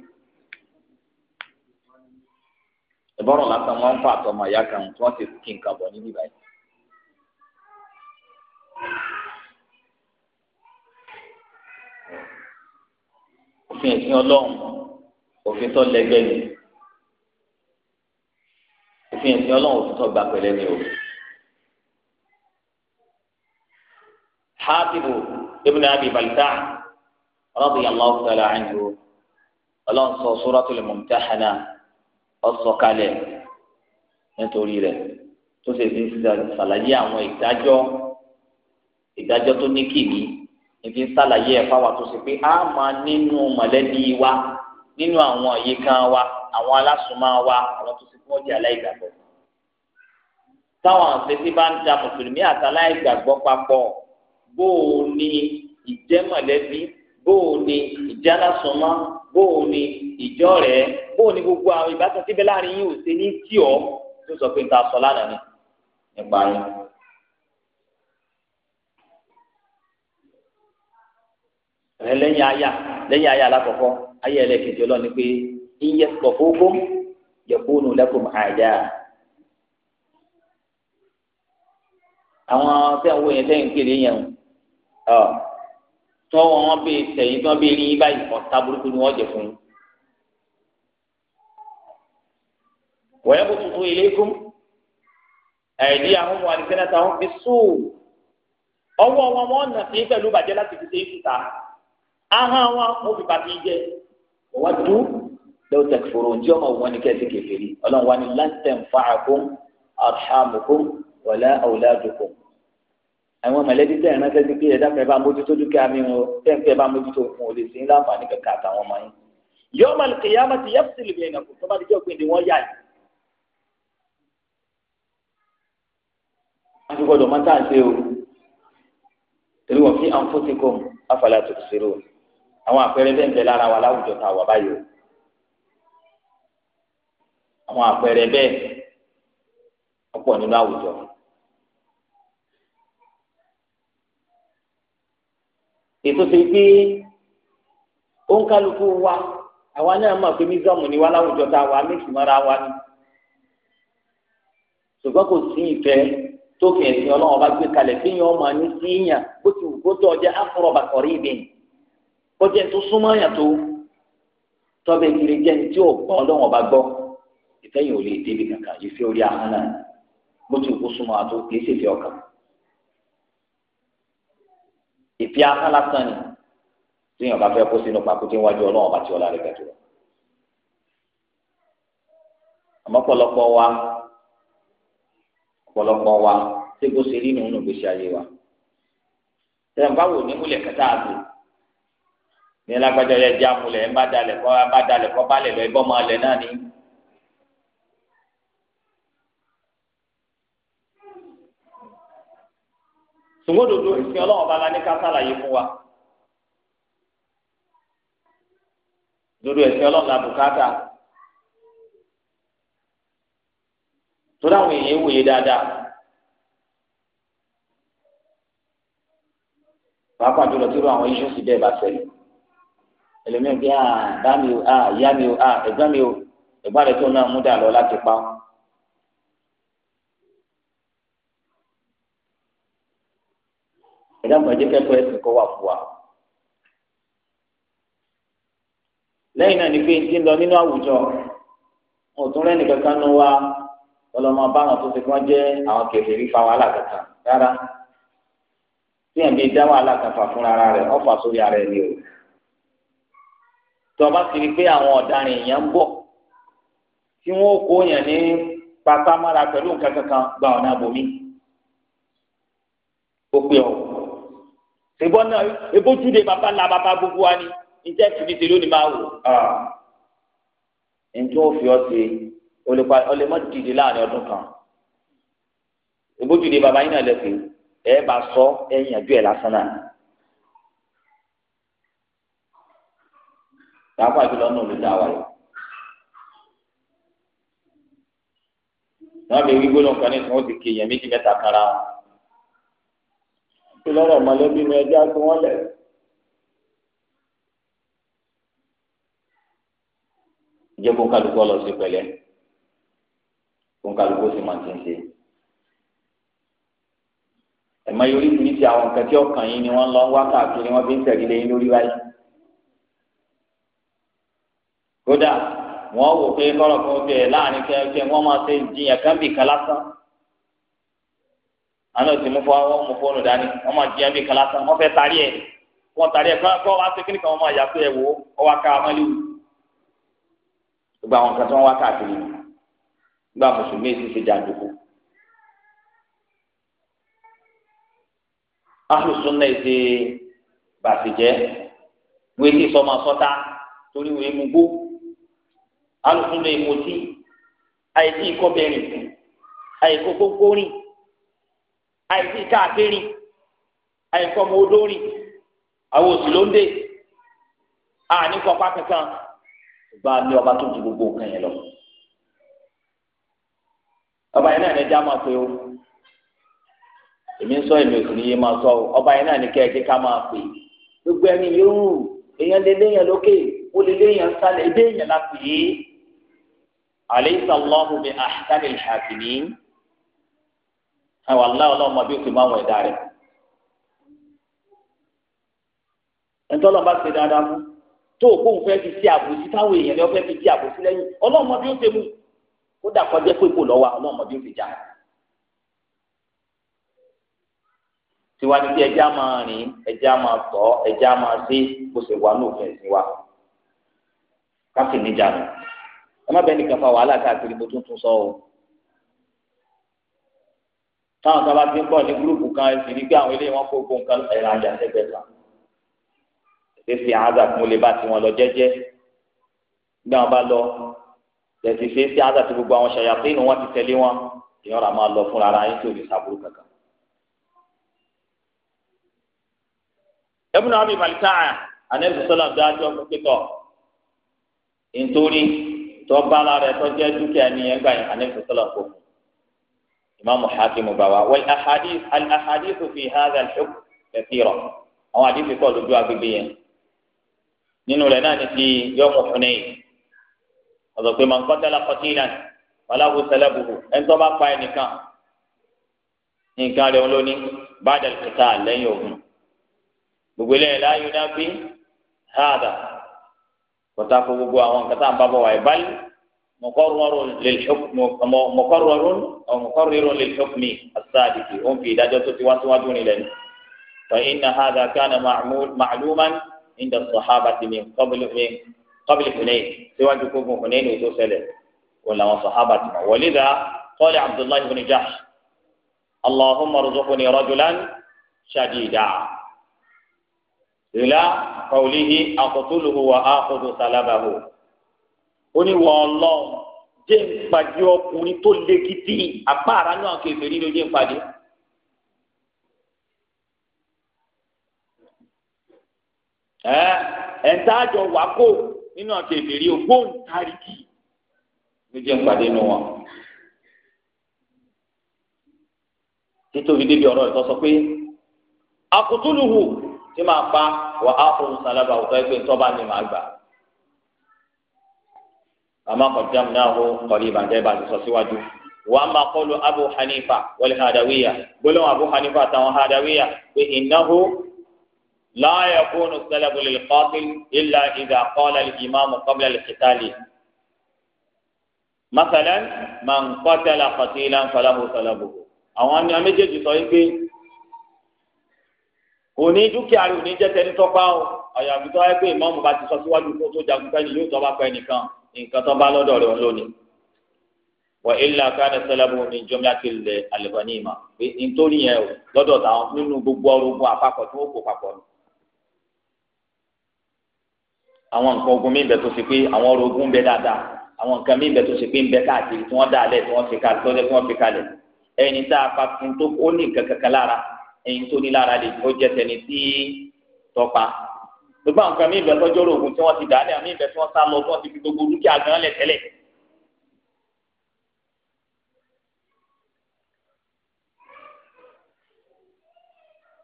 S2: ìbọ̀rọ̀ lásán wọn ń fà àtọmọ ìyá kan tí
S1: wọ́n ti kí nǹkan bọ̀ níbí báyìí. òfin ẹ̀sìn ọlọ́run òfin tó lẹ́gbẹ́ ni òfin ẹ̀sìn ọlọ́run òfin tó gbà pẹ̀lẹ́ ni o. حاتب ابن أبي بلتاع رضي الله تعالى عنه الله سورة الممتحنة ọsọkalẹ̀ nítorí rẹ̀ tó sì fi ṣàlàyé àwọn ìdájọ́ ìdájọ́ tó ní kìíní ìfi ń ṣàlàyé ẹ̀ fáwọn tó ṣe pé a máa nínú mọ̀lẹ́bí wa nínú àwọn ìyíkan wa àwọn alásùnmọ́ wa àwọn tó ṣe kí wọ́n jẹ́ aláìgbàgbọ́ táwọn àṣetí bá ń da mùsùlùmí àtàláìgbàgbọ́ papọ̀ bó o ní ìjẹ́ mọ̀lẹ́bí bó o ní ìjẹ́ alásùnmọ́ bó o ní bóun ni gbogbo àwọn ìbátan síbẹ̀ láàrin yín ò ṣe ní tí ọ tó sọ pé nǹkan sọ lánàá ni nípa yín. rẹ lẹ́yìn aya lẹ́yìn aya alákọ̀ọ́kọ́ ayé ẹlẹ́kejì ọlọ́run ni pé iye kọ̀ọ̀kọ́ yẹ̀kúnù lẹ́kùn àjà. àwọn tẹ̀ ń wo yẹn tẹ̀ ń kéde yẹn o tọ́ wọn bẹ tẹ̀yìn tí wọ́n bẹ rí yín báyìí ọ̀tá burúkú ni wọ́n jẹ fún yín. ويبسط إليكم أيديهم وألسنتهم بالسوء ọwọ́ wọn wọn nà sí pẹ̀lú bàjẹ́ láti fi ṣe ìfúta ahọ́n wọn mo fi bàbí jẹ wọ́n dú lọ́wọ́ tẹ̀kifọ̀rọ̀ ojú ọmọ wọn ni kẹ́sì kẹfẹ́rí ọlọ́run wa ni pé ẹ̀dá fẹ́ bá mójútó dúkìá mi o tẹ̀ fẹ́ bá mójútó fún o sí ńlá àǹfààní àtàwọn ọmọ yín. yọ́ọ̀mà kìyàmà ti yẹ́pùsìlì bẹ̀rẹ̀ nàkùn tó bá ti jẹ́ òpin wọn ti gbọ́dọ̀ máa tàn ṣe o torí wọn fi àǹfọ̀tìkọ afàlà tó ṣeré o àwọn àpẹẹrẹ bẹ́ẹ̀ ń bẹ lára wa láwùjọ tá wà báyìí o àwọn àpẹẹrẹ bẹ́ẹ̀ ọ̀pọ̀ nínú àwùjọ. ètò ṣe pé ó ń kálukú wa àwa náà mọ̀ pé mísọ́ọ̀mù ni wá láwùjọ tá a wà mí ìsúnmọ́ra wa ni ṣùgbọ́n kò sí ìfẹ́ tófin ẹ̀sìn ọlọ́run bá gbé kalẹ̀ fi yàn ọmọ ní sí yàn bó ti wù kó tó ọjà afọ̀rọ̀ bàkọ̀rí ibìn kọjá tó súnmọ́ yàn tó tọ́bẹ̀ kiri jẹ́ni tí ò gbọ́ ọlọ́run bá gbọ́ ìfẹ́yìn ò lè débi kankan ìfẹ́ orí ahọ́n náà bó ti wù kó súnmọ́ àtó kìí ṣe fi ọkàn. ìfẹ́ ahọ́n lásán ni tí bá fẹ́ kó sínú pàkúté wájú ọlọ́run bá ti ọlá rẹ̀ gàdúrà. àmọ́ pọ̀lọpọ̀ wa ọ̀pọ̀lọpọ̀ wa tí kò ṣe rí nínú ìgbésí ayé wa. ìjọba wo ní múlẹ̀ kẹta àti ní alágbájá yẹ jẹ́ amúlẹ̀ ẹ̀ má dalẹ̀ kọ́ má dalẹ̀ kọ́ bá lẹ̀ lọ ẹbọ́ máa lẹ̀ náà ni. sùnwódodo ìsìn ọlọ́wọ́n bala ní ká sàlàyé fún wa. dodo ìsìn ọlọ́wọ́n la torí àwọn èèyàn wòye dáadáa pàápàá jùlọ tí irú àwọn iṣu sì bẹ́ẹ̀ bá ṣẹlẹ̀ ẹlòmíràn bí àbá mi o ìyá mi o ẹ̀gbọ́n mi o ẹ̀gbọ́n rẹ tó náà mú dà lọ láti pa ọ́. ìdáàbò ẹ̀jẹ̀ kẹ́kọ̀ọ́ ẹ̀sìn kọ́ wà fún wa. lẹ́yìn náà ni pé ti ń lọ nínú àwùjọ òtún rẹ́nìkankan nu wa ọlọmọ abáwọn tó ti kí wọn jẹ àwọn kẹfìrí fa wàhálà kankan rárá tí yẹn bí dá wàhálà kan fà fúnra ara rẹ̀ ọfà sórí ara ẹni o tọba ti rí pé àwọn ọ̀daràn èèyàn ń bọ̀ tí wọn kó yẹn ní pátámára pẹ̀lú nǹkan kankan gba ọ̀nà àbòmí ó pé ọ ṣùgbọ́n náà ebójúde bàbá la bàbá gbogbo wa ni njẹ́ tìbí tèlónì máa wò ẹ̀ ń tó fi ọ́ ṣe o lè mọ dìde láàrin ọdún kan ìbójúde bàbá yín náà lẹ́sìn ẹ bá sọ ẹ yànjú ẹ lásán náà. Dàpọ̀ àjùlọ náà ló dá wa yìí. Wọ́n lè wí gbólóhùn kan nítorí wọ́n ti kéèyàn méjì mẹ́ta kanra wọn. Ṣé lọ́rọ̀ mọ̀lẹ́bí ni ẹjọ́ tí wọ́n lẹ̀? Ìjẹ́bù kálukú ọlọ́sìn pẹ̀lẹ́ kó ń kálukú sì máa ti ń ṣe. ẹ̀mọ yorí ti ní ti àwọn nǹkan tí ọkàn yín ni wọ́n lọ ń wá káàkiri wọ́n fi ń tẹ̀lé lẹ́yìn lórí wáyé. kódà wọ́n wò pé kọ́rọ̀ kan bẹ̀ láàrin kẹ́kẹ́ wọ́n máa ṣe jiyàn kan bì kan lásán. àná ti mú fọ́ wọ́n mú fóònù dání wọ́n máa jiyàn bì kan lásán wọ́n fẹ́ tarí ẹ̀ wọ́n tarí ẹ̀ kọ́ wá sí kíníkan wọ́n máa yà pé ẹ̀ wò ó wá ká amálíwì. gbogbo àwọn nǹkan wọ́n wá káàkiri nìyẹn nígbà mùsùlùmí èsì ṣe jàǹdùkú. ahlùsùn náà ṣe bàtìjẹ́ wọ́n ti sọ máa sọ́ta torí wọ́n mú gbó ahlùsùn náà mú tí àìsí ìkọ́bẹ̀rìn àìkó kókórìn àìsí káàkiri àìkó ọmọ olórin àwọn òsì ló ń dé àní kọ́pá kankan ní ọba tó ju gbogbo nǹkan yẹn lọ ọba yẹn náà ní ẹja máa pe o èmi ń sọ èmi ò sì ní yé máa sọ o ọba yẹn náà ní kẹ́ẹ̀kẹ́ ká máa pè gbogbo ẹni yóò èèyàn lè léèyàn lókè ó lè léèyàn sálẹ̀ ẹdẹ èèyàn la pè é alaysa bi ahkamil hakimin àwọn aláwọ̀ ọmọ bí o ti máa wọ̀ ẹ̀dá rẹ̀ ẹ̀ńtọ́lọ́ bá ṣe dáadáa fún tó o kóun fẹ́ fi sí àbòsí táwọn èèyàn lọ́ọ́ fẹ́ fi sí àbòsí lẹ́yìn ọlọ́mọ bí ó ṣe mú kódà kọjá pé kò lọ́wọ́ àwọn ọmọdé ń fi jà tiwájú tí ẹja máa rìn ẹja máa tọ̀ ẹja máa sí kó sì wà ní òfin ẹ̀sìn wa káfí níjà nù ẹ má bẹ́ẹ̀ nìkan fa wàhálà káàkiri mo tún tún sọ o táwọn sábà ti ń bọ̀ ní gúrúùpù kan ẹ̀sìn ní pé àwọn eléyìí wọ́n kó gbóǹkan ẹ̀rọ ajá sẹ́gbẹ̀ẹ́ kan ṣé fi àádọ́ lè bá tiwọn lọ jẹ́jẹ́ nígbà wọn bá lọ tẹ̀sí ṣe é sí àdàtì gbogbo àwọn ṣàyàtọ̀ inú wọn ti tẹ̀lé wọn èèyàn rà máa lọ fúnra ara yín tí ò ní sàbúrú kankan. ẹbùn náà bí màlíkà anẹ́bí sọ́lá dájọ́ pípẹ́tọ̀ nítorí tó bá lára tó jẹ́ dúkìá ní ẹgbà yẹn anẹ́bí sọ́lá kò fún imaamu hakimu bawa wal ahadith al ahadith fi hadha al hukm kathira àwọn àdìsí pọ̀ lójú agbègbè yẹn nínú rẹ̀ náà ni ti yọmọ Hunayn ọ̀sọ̀ pé màá kọ́tà la kọ́tì náà wàláwo sẹlẹ̀bùkù ẹni tó bá pa ẹnìkan nǹkan rẹ̀ ló ní bàdà kìtà lẹ́yìn ogun gbogbo eléyìí láàyò náà bí hàdà kọ́tà kó gbogbo àwọn nǹkan tá à ń bá bọ̀ wáyé báyìí mọ̀kọ́rọ̀rọ̀ lẹ́lẹ́xọ́kùnmí asáàdìsì ó ń fi ìdájọ́ tó ti wá síwájú nílẹ̀ ní. fa inna hàdà kánà màlúman inda sọ̀hábàtì mi kọ́bìlì mi قبل حنين سوى جكوب حنين وتو سلم ولا صحابتنا ولذا قال عبد الله بن جحش اللهم ارزقني رجلا شديدا إلى قوله أقتله وآخذ سلبه قل والله jẹ́ ìpàdé ọkùnrin tó le gidi apá ara náà kèfèrí ló jẹ́ ìpàdé nínú àti èbèrè ògbóǹtarìkì ló jẹ́ ìpàdé nu wọn. títóbi débi ọ̀rọ̀ ìtọ́ sọ pé akutuluhu tí máa pa wà á kó sálábà òtọ́ ẹgbẹ́ ntọ́ba ni màá gbà. àmọ́ kọjám náà hó kọ́lí ìbànújẹ́ bá ti sọ síwájú. wà á máa kọ́lu abu hanifa wal hadawiya gbólóhùn abu hanifa àtàwọn hadawiya pé innahu. لا يكون السلب للقاتل إلا إذا قال الإمام قبل القتال مثلا من قتل قتيلا فله سلبه àwọn àmì àméjèèjì sọ yín pé kò ní dúkìá rẹ ò ní jẹ tẹni tọpa o àyàfi tó wáyé pé ìmọ̀ọ́mù bá ti sọ síwájú kó tó jagun fẹ́ni yóò tọ́ bá pẹ́ nìkan nǹkan tó bá lọ́dọ̀ rẹ̀ lónìí. wà ilà káàdà sẹlẹ̀bù ní jọmíà kìlẹ̀ àlẹ́bàní ìmọ̀ pé nítorí yẹn o táwọn nínú gbogbo ọrùn àwọn nǹkan ogun mi bẹ tó ṣe pé àwọn ọ̀rọ̀ ogun bẹ dáadáa àwọn nǹkan mi bẹ tó ṣe pé ń bẹ káàkiri tí wọ́n dá alẹ tí wọ́n fi kalẹ̀ tọjọ tí wọ́n fi kalẹ̀ ẹni tá a fún tó ó ní nǹkan kankan lára ẹni tó ní lára lè ó jẹ tẹni tí tọpa gbogbo àwọn nǹkan mi bẹ tọjọ ọ̀rọ̀ ogun tí wọ́n ti dá alẹ àmì ìbẹ tí wọ́n sá lọ tí wọ́n ti fi gbogbo dúkìá gan lẹ tẹ́lẹ̀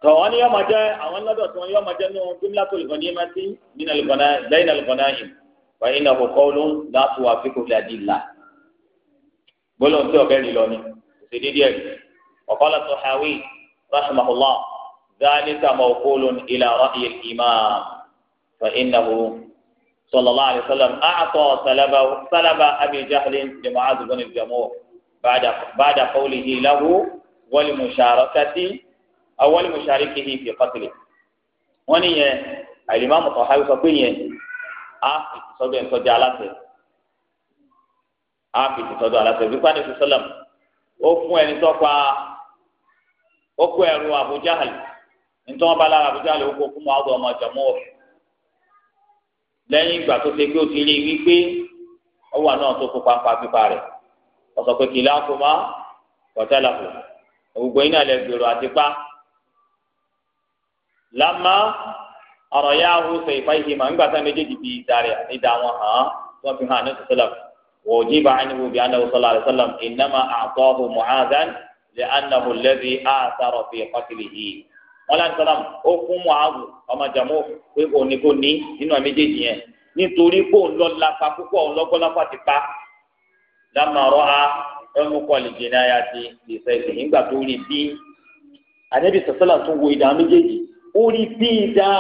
S1: tọ̀wọ́n ni yọ́mọ jẹ́ àwọn lọ́dọ̀ tí wọ́n yọ́mọ jẹ́ nínú jumla tó lùkọ́ ní ma ti mina lùkọ́ náà lẹ́yìn náà lùkọ́ náà yìí wàyí náà kò kọ́ ló ń láti wà fi kò fi àdí la gbólóhùn tí ọ̀bẹ rìn lọ ni ṣe déédéé rẹ̀ ọ̀kọ́lá tó hawi rahimahullah dáníkà mawqulun ila ra'yi imam fa innahu sallallahu alayhi wa sallam a'ta salaba salaba abi jahlin li mu'adh bin awọ́lé mọ̀ṣáré kéde ìfì kọ́tìlẹ̀ wọ́n ní yẹn àìlèmáàmù tó háwí sọ ha yẹn á fìtì sọ́dọ̀ ẹ̀ sọ́jà aláṣẹ á fìtì sọ́dọ̀ aláṣẹ bí pàdé fi Abu Jahl nítorí wọn Abu Jahl ó kó fún wọn àwọn i lámà ọ̀rọ̀ yà áhù sọ ìfà ìhì mà ńgbà sáà méjèèjì fi ìdarí ìdá wọn hàn wọn fi hàn ní sọsọlá wò jí bá ẹni wò bí anáwó sọlá àlẹ sọlá ìnáma àtọ́hù muhazan lè anáhù lẹ́bi àtàrọ̀ fi kọ́tìlì yìí wọn láti sọlá ó fún muhazu ọmọ jamu pé òní kò ní nínú méjèèjì yẹn nítorí kó ń lọ lápá púpọ̀ ń lọ́gbọ́n lápá ti pa lámàrọ́ a ẹmu kọ́lì jìnnà yá ti lè sọ ìsìn nígbà tó rí bí anábì sọsọlá tún wo ìdá méjèèjì orí bí ìdá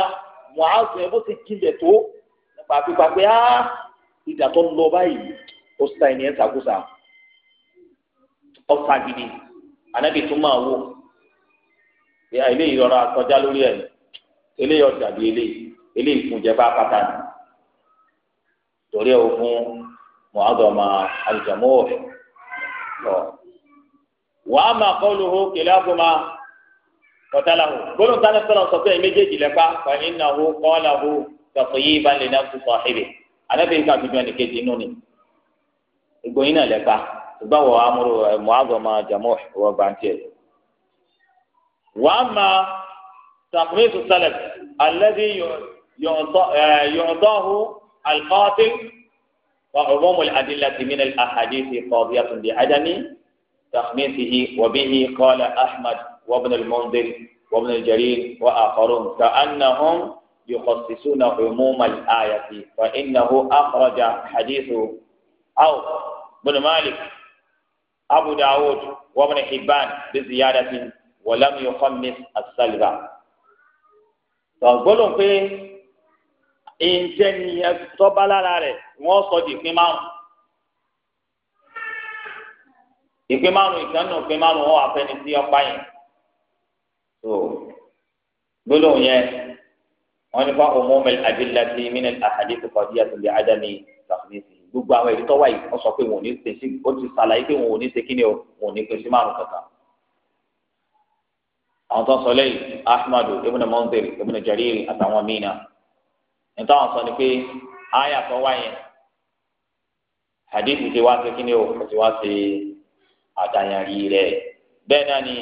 S1: muhazu ẹ bó ti jinlẹ̀ tó nípa pípapẹ́ á ìdá tó lọ báyìí ó sa ẹni ẹ̀ ṣàkóso ọ̀sà gidi anábì tún máa wò eléyìí rọra kọjá lórí ẹ̀ eléyìí ọjà bíi eléyìí eléyìí fún jẹba pátá ni torí ẹ̀ fún muhazu ọmọ alìjàmọ́ ọ̀ wàá máa kọ́ lóhùn kìlá fún ma. kọtàláhù gbólóhùn tani sọlọ sọ pé méjèèjì lẹfa fàyínàhù kọláhù tọkìyí balẹ̀ náà tó sọ ẹ̀rẹ̀ anábì ká fi jọ́ni kejì inú ni ìgbóyin náà lẹfa ṣùgbọ́n wọ́n amúrò mọ́àgọ́mà jàmọ́ wọ́n bá ń tiẹ̀. wàá ma tàkùrẹ́sù sálẹ̀ alẹ́bí yọ̀ǹtọ́hù alkọ́tì وعموم الأدلة من الأحاديث قاضية بعدم تخميسه وبه قال أحمد وابن المنذر وابن الجرير وآخرون كأنهم يخصصون عموم الآية فإنه أخرج حديث أو بن مالك أبو داود وابن حبان بزيادة ولم يخمس السلبة فقولوا فيه ìjẹniyẹ tọba lára rẹ wọn sọ di ìpín márùn ìpín márùn ìkànnì so gbólóhùn yẹn wọn ní fáwọn ọmọ mẹlẹ adilati mina ahadi tó kọjú yàtọ̀ lé adami tàfínísì gbogbo àwọn èdè tó wáyé wọn sọ pé wọn ò ní ṣe sí ó ti ṣàlàyé pé wọn ò ní ṣe kí ni o wọn ò ní pèsè márùn kankan àwọn tó ń sọ lẹ́yìn ahmadu ibùdó mọ́ndèrè ibùdó jariri àtàwọn míì náà nítorí àwọn sọ ni pé àyà tó wáyé hadith ti wá sí kí ni o kò ti wá sí àdáyàrí rẹ bẹ́ẹ̀ náà ni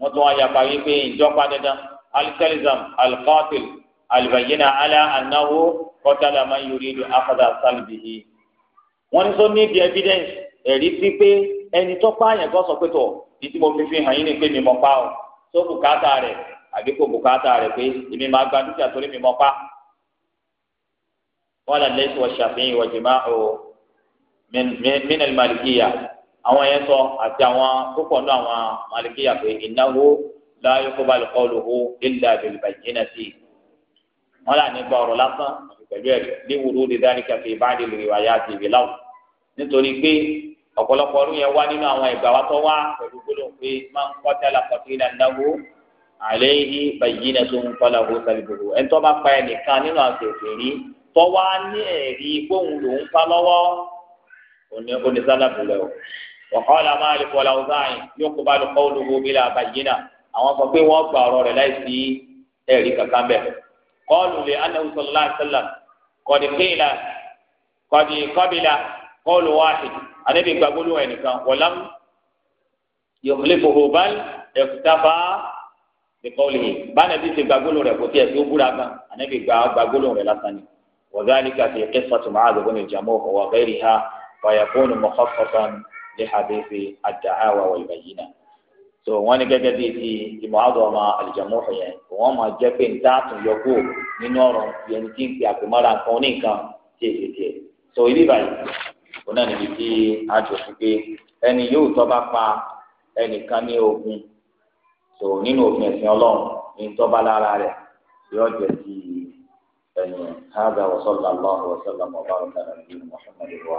S1: wọn tún wá yapa wípé ìjọba dandan alikalizam alikatil alibayina ala anahu kọtala man yuridu akada salibihi wọn ní sọ ní di evidence ẹ̀rí sí pé ẹni tó pààyàn kan sọ pé tọ títí mo fi fi hàn yín ni pé mi mọ pa ọ tó bùkátà rẹ àbí kò bùkátà rẹ pé èmi máa gba dúkìá torí mi mọ pa wọn là lẹsùn ọṣàfihàn ìwọjìmá ọ mẹnẹlì màlìkìyà àwọn yẹn sọ àti àwọn púpọ̀ náà àwọn malikiya pé innahu la yuqbalu qawluhu illa bil bayyinati wọn là ní gbọrọ lásán pẹ̀lú ẹ̀rí ní wúru ní dáríkà fi báyìí lè wà yá ti ìbílẹ̀ wò nítorí pé ọ̀pọ̀lọpọ̀ ọdún yẹn wá nínú àwọn ìgbà wa tó wá pẹ̀lú gbólóhùn pé máa ń kọ́ tẹ́lá kọ́tí ilẹ̀ ńdáwó àléhì bàyínà tó ń kọ́lá owó sábì gbogbo ẹ̀ tó bá pa ẹnìkan nínú àti òfìrí tó wá ní ẹ̀rí gbóhùn lòún pa lọ́wọ́ onísálàbùlẹ̀ o wàhálà Malik wal Awza'i yuqbalu qawluhu bila bayyina àwọn sọ pé wọ́n gba ọ̀rọ̀ rẹ̀ láì sí ẹ̀rí kankan bẹ́ẹ̀. qalu li annahu sallallahu alaihi wasallam qad qila qad qabila qawlu wahid ànábì gbàgbóló ẹ̀ nìkan walam yukhlifuhu bal iktafa bi qawlihi bánàbí ti gbàgbóló rẹ̀ kò tiẹ̀ tí búra gan ànábì gbàgbóló rẹ̀ lásán ni. وذلك في قصة معاذ بن الجموح وغيرها فيكون مخصصا lè hadithi ad-da'awa wal so wọ́n ní gẹ́gẹ́ bíi ti ìmọ̀ádọ́ ọmọ àlìjàmọ́fọ̀ yẹn wọ́n máa jẹ́ pé níta tún yọ nínú ọ̀rọ̀ yẹn tí ń pe àpèmọ́ra nǹkan oníkan tí èsì tiẹ̀ so ibi báyìí òun náà níbi tí a jọ sí pé ẹni yóò tọ́ pa ẹnìkan ní ogun so nínú òfin ẹ̀sìn ọlọ́run ní tọ́ bá lára rẹ̀ yóò jẹ́ sí ẹ̀yìn hádà wa sallallahu wa sallam wa baraka ala nabiyina Muhammadin wa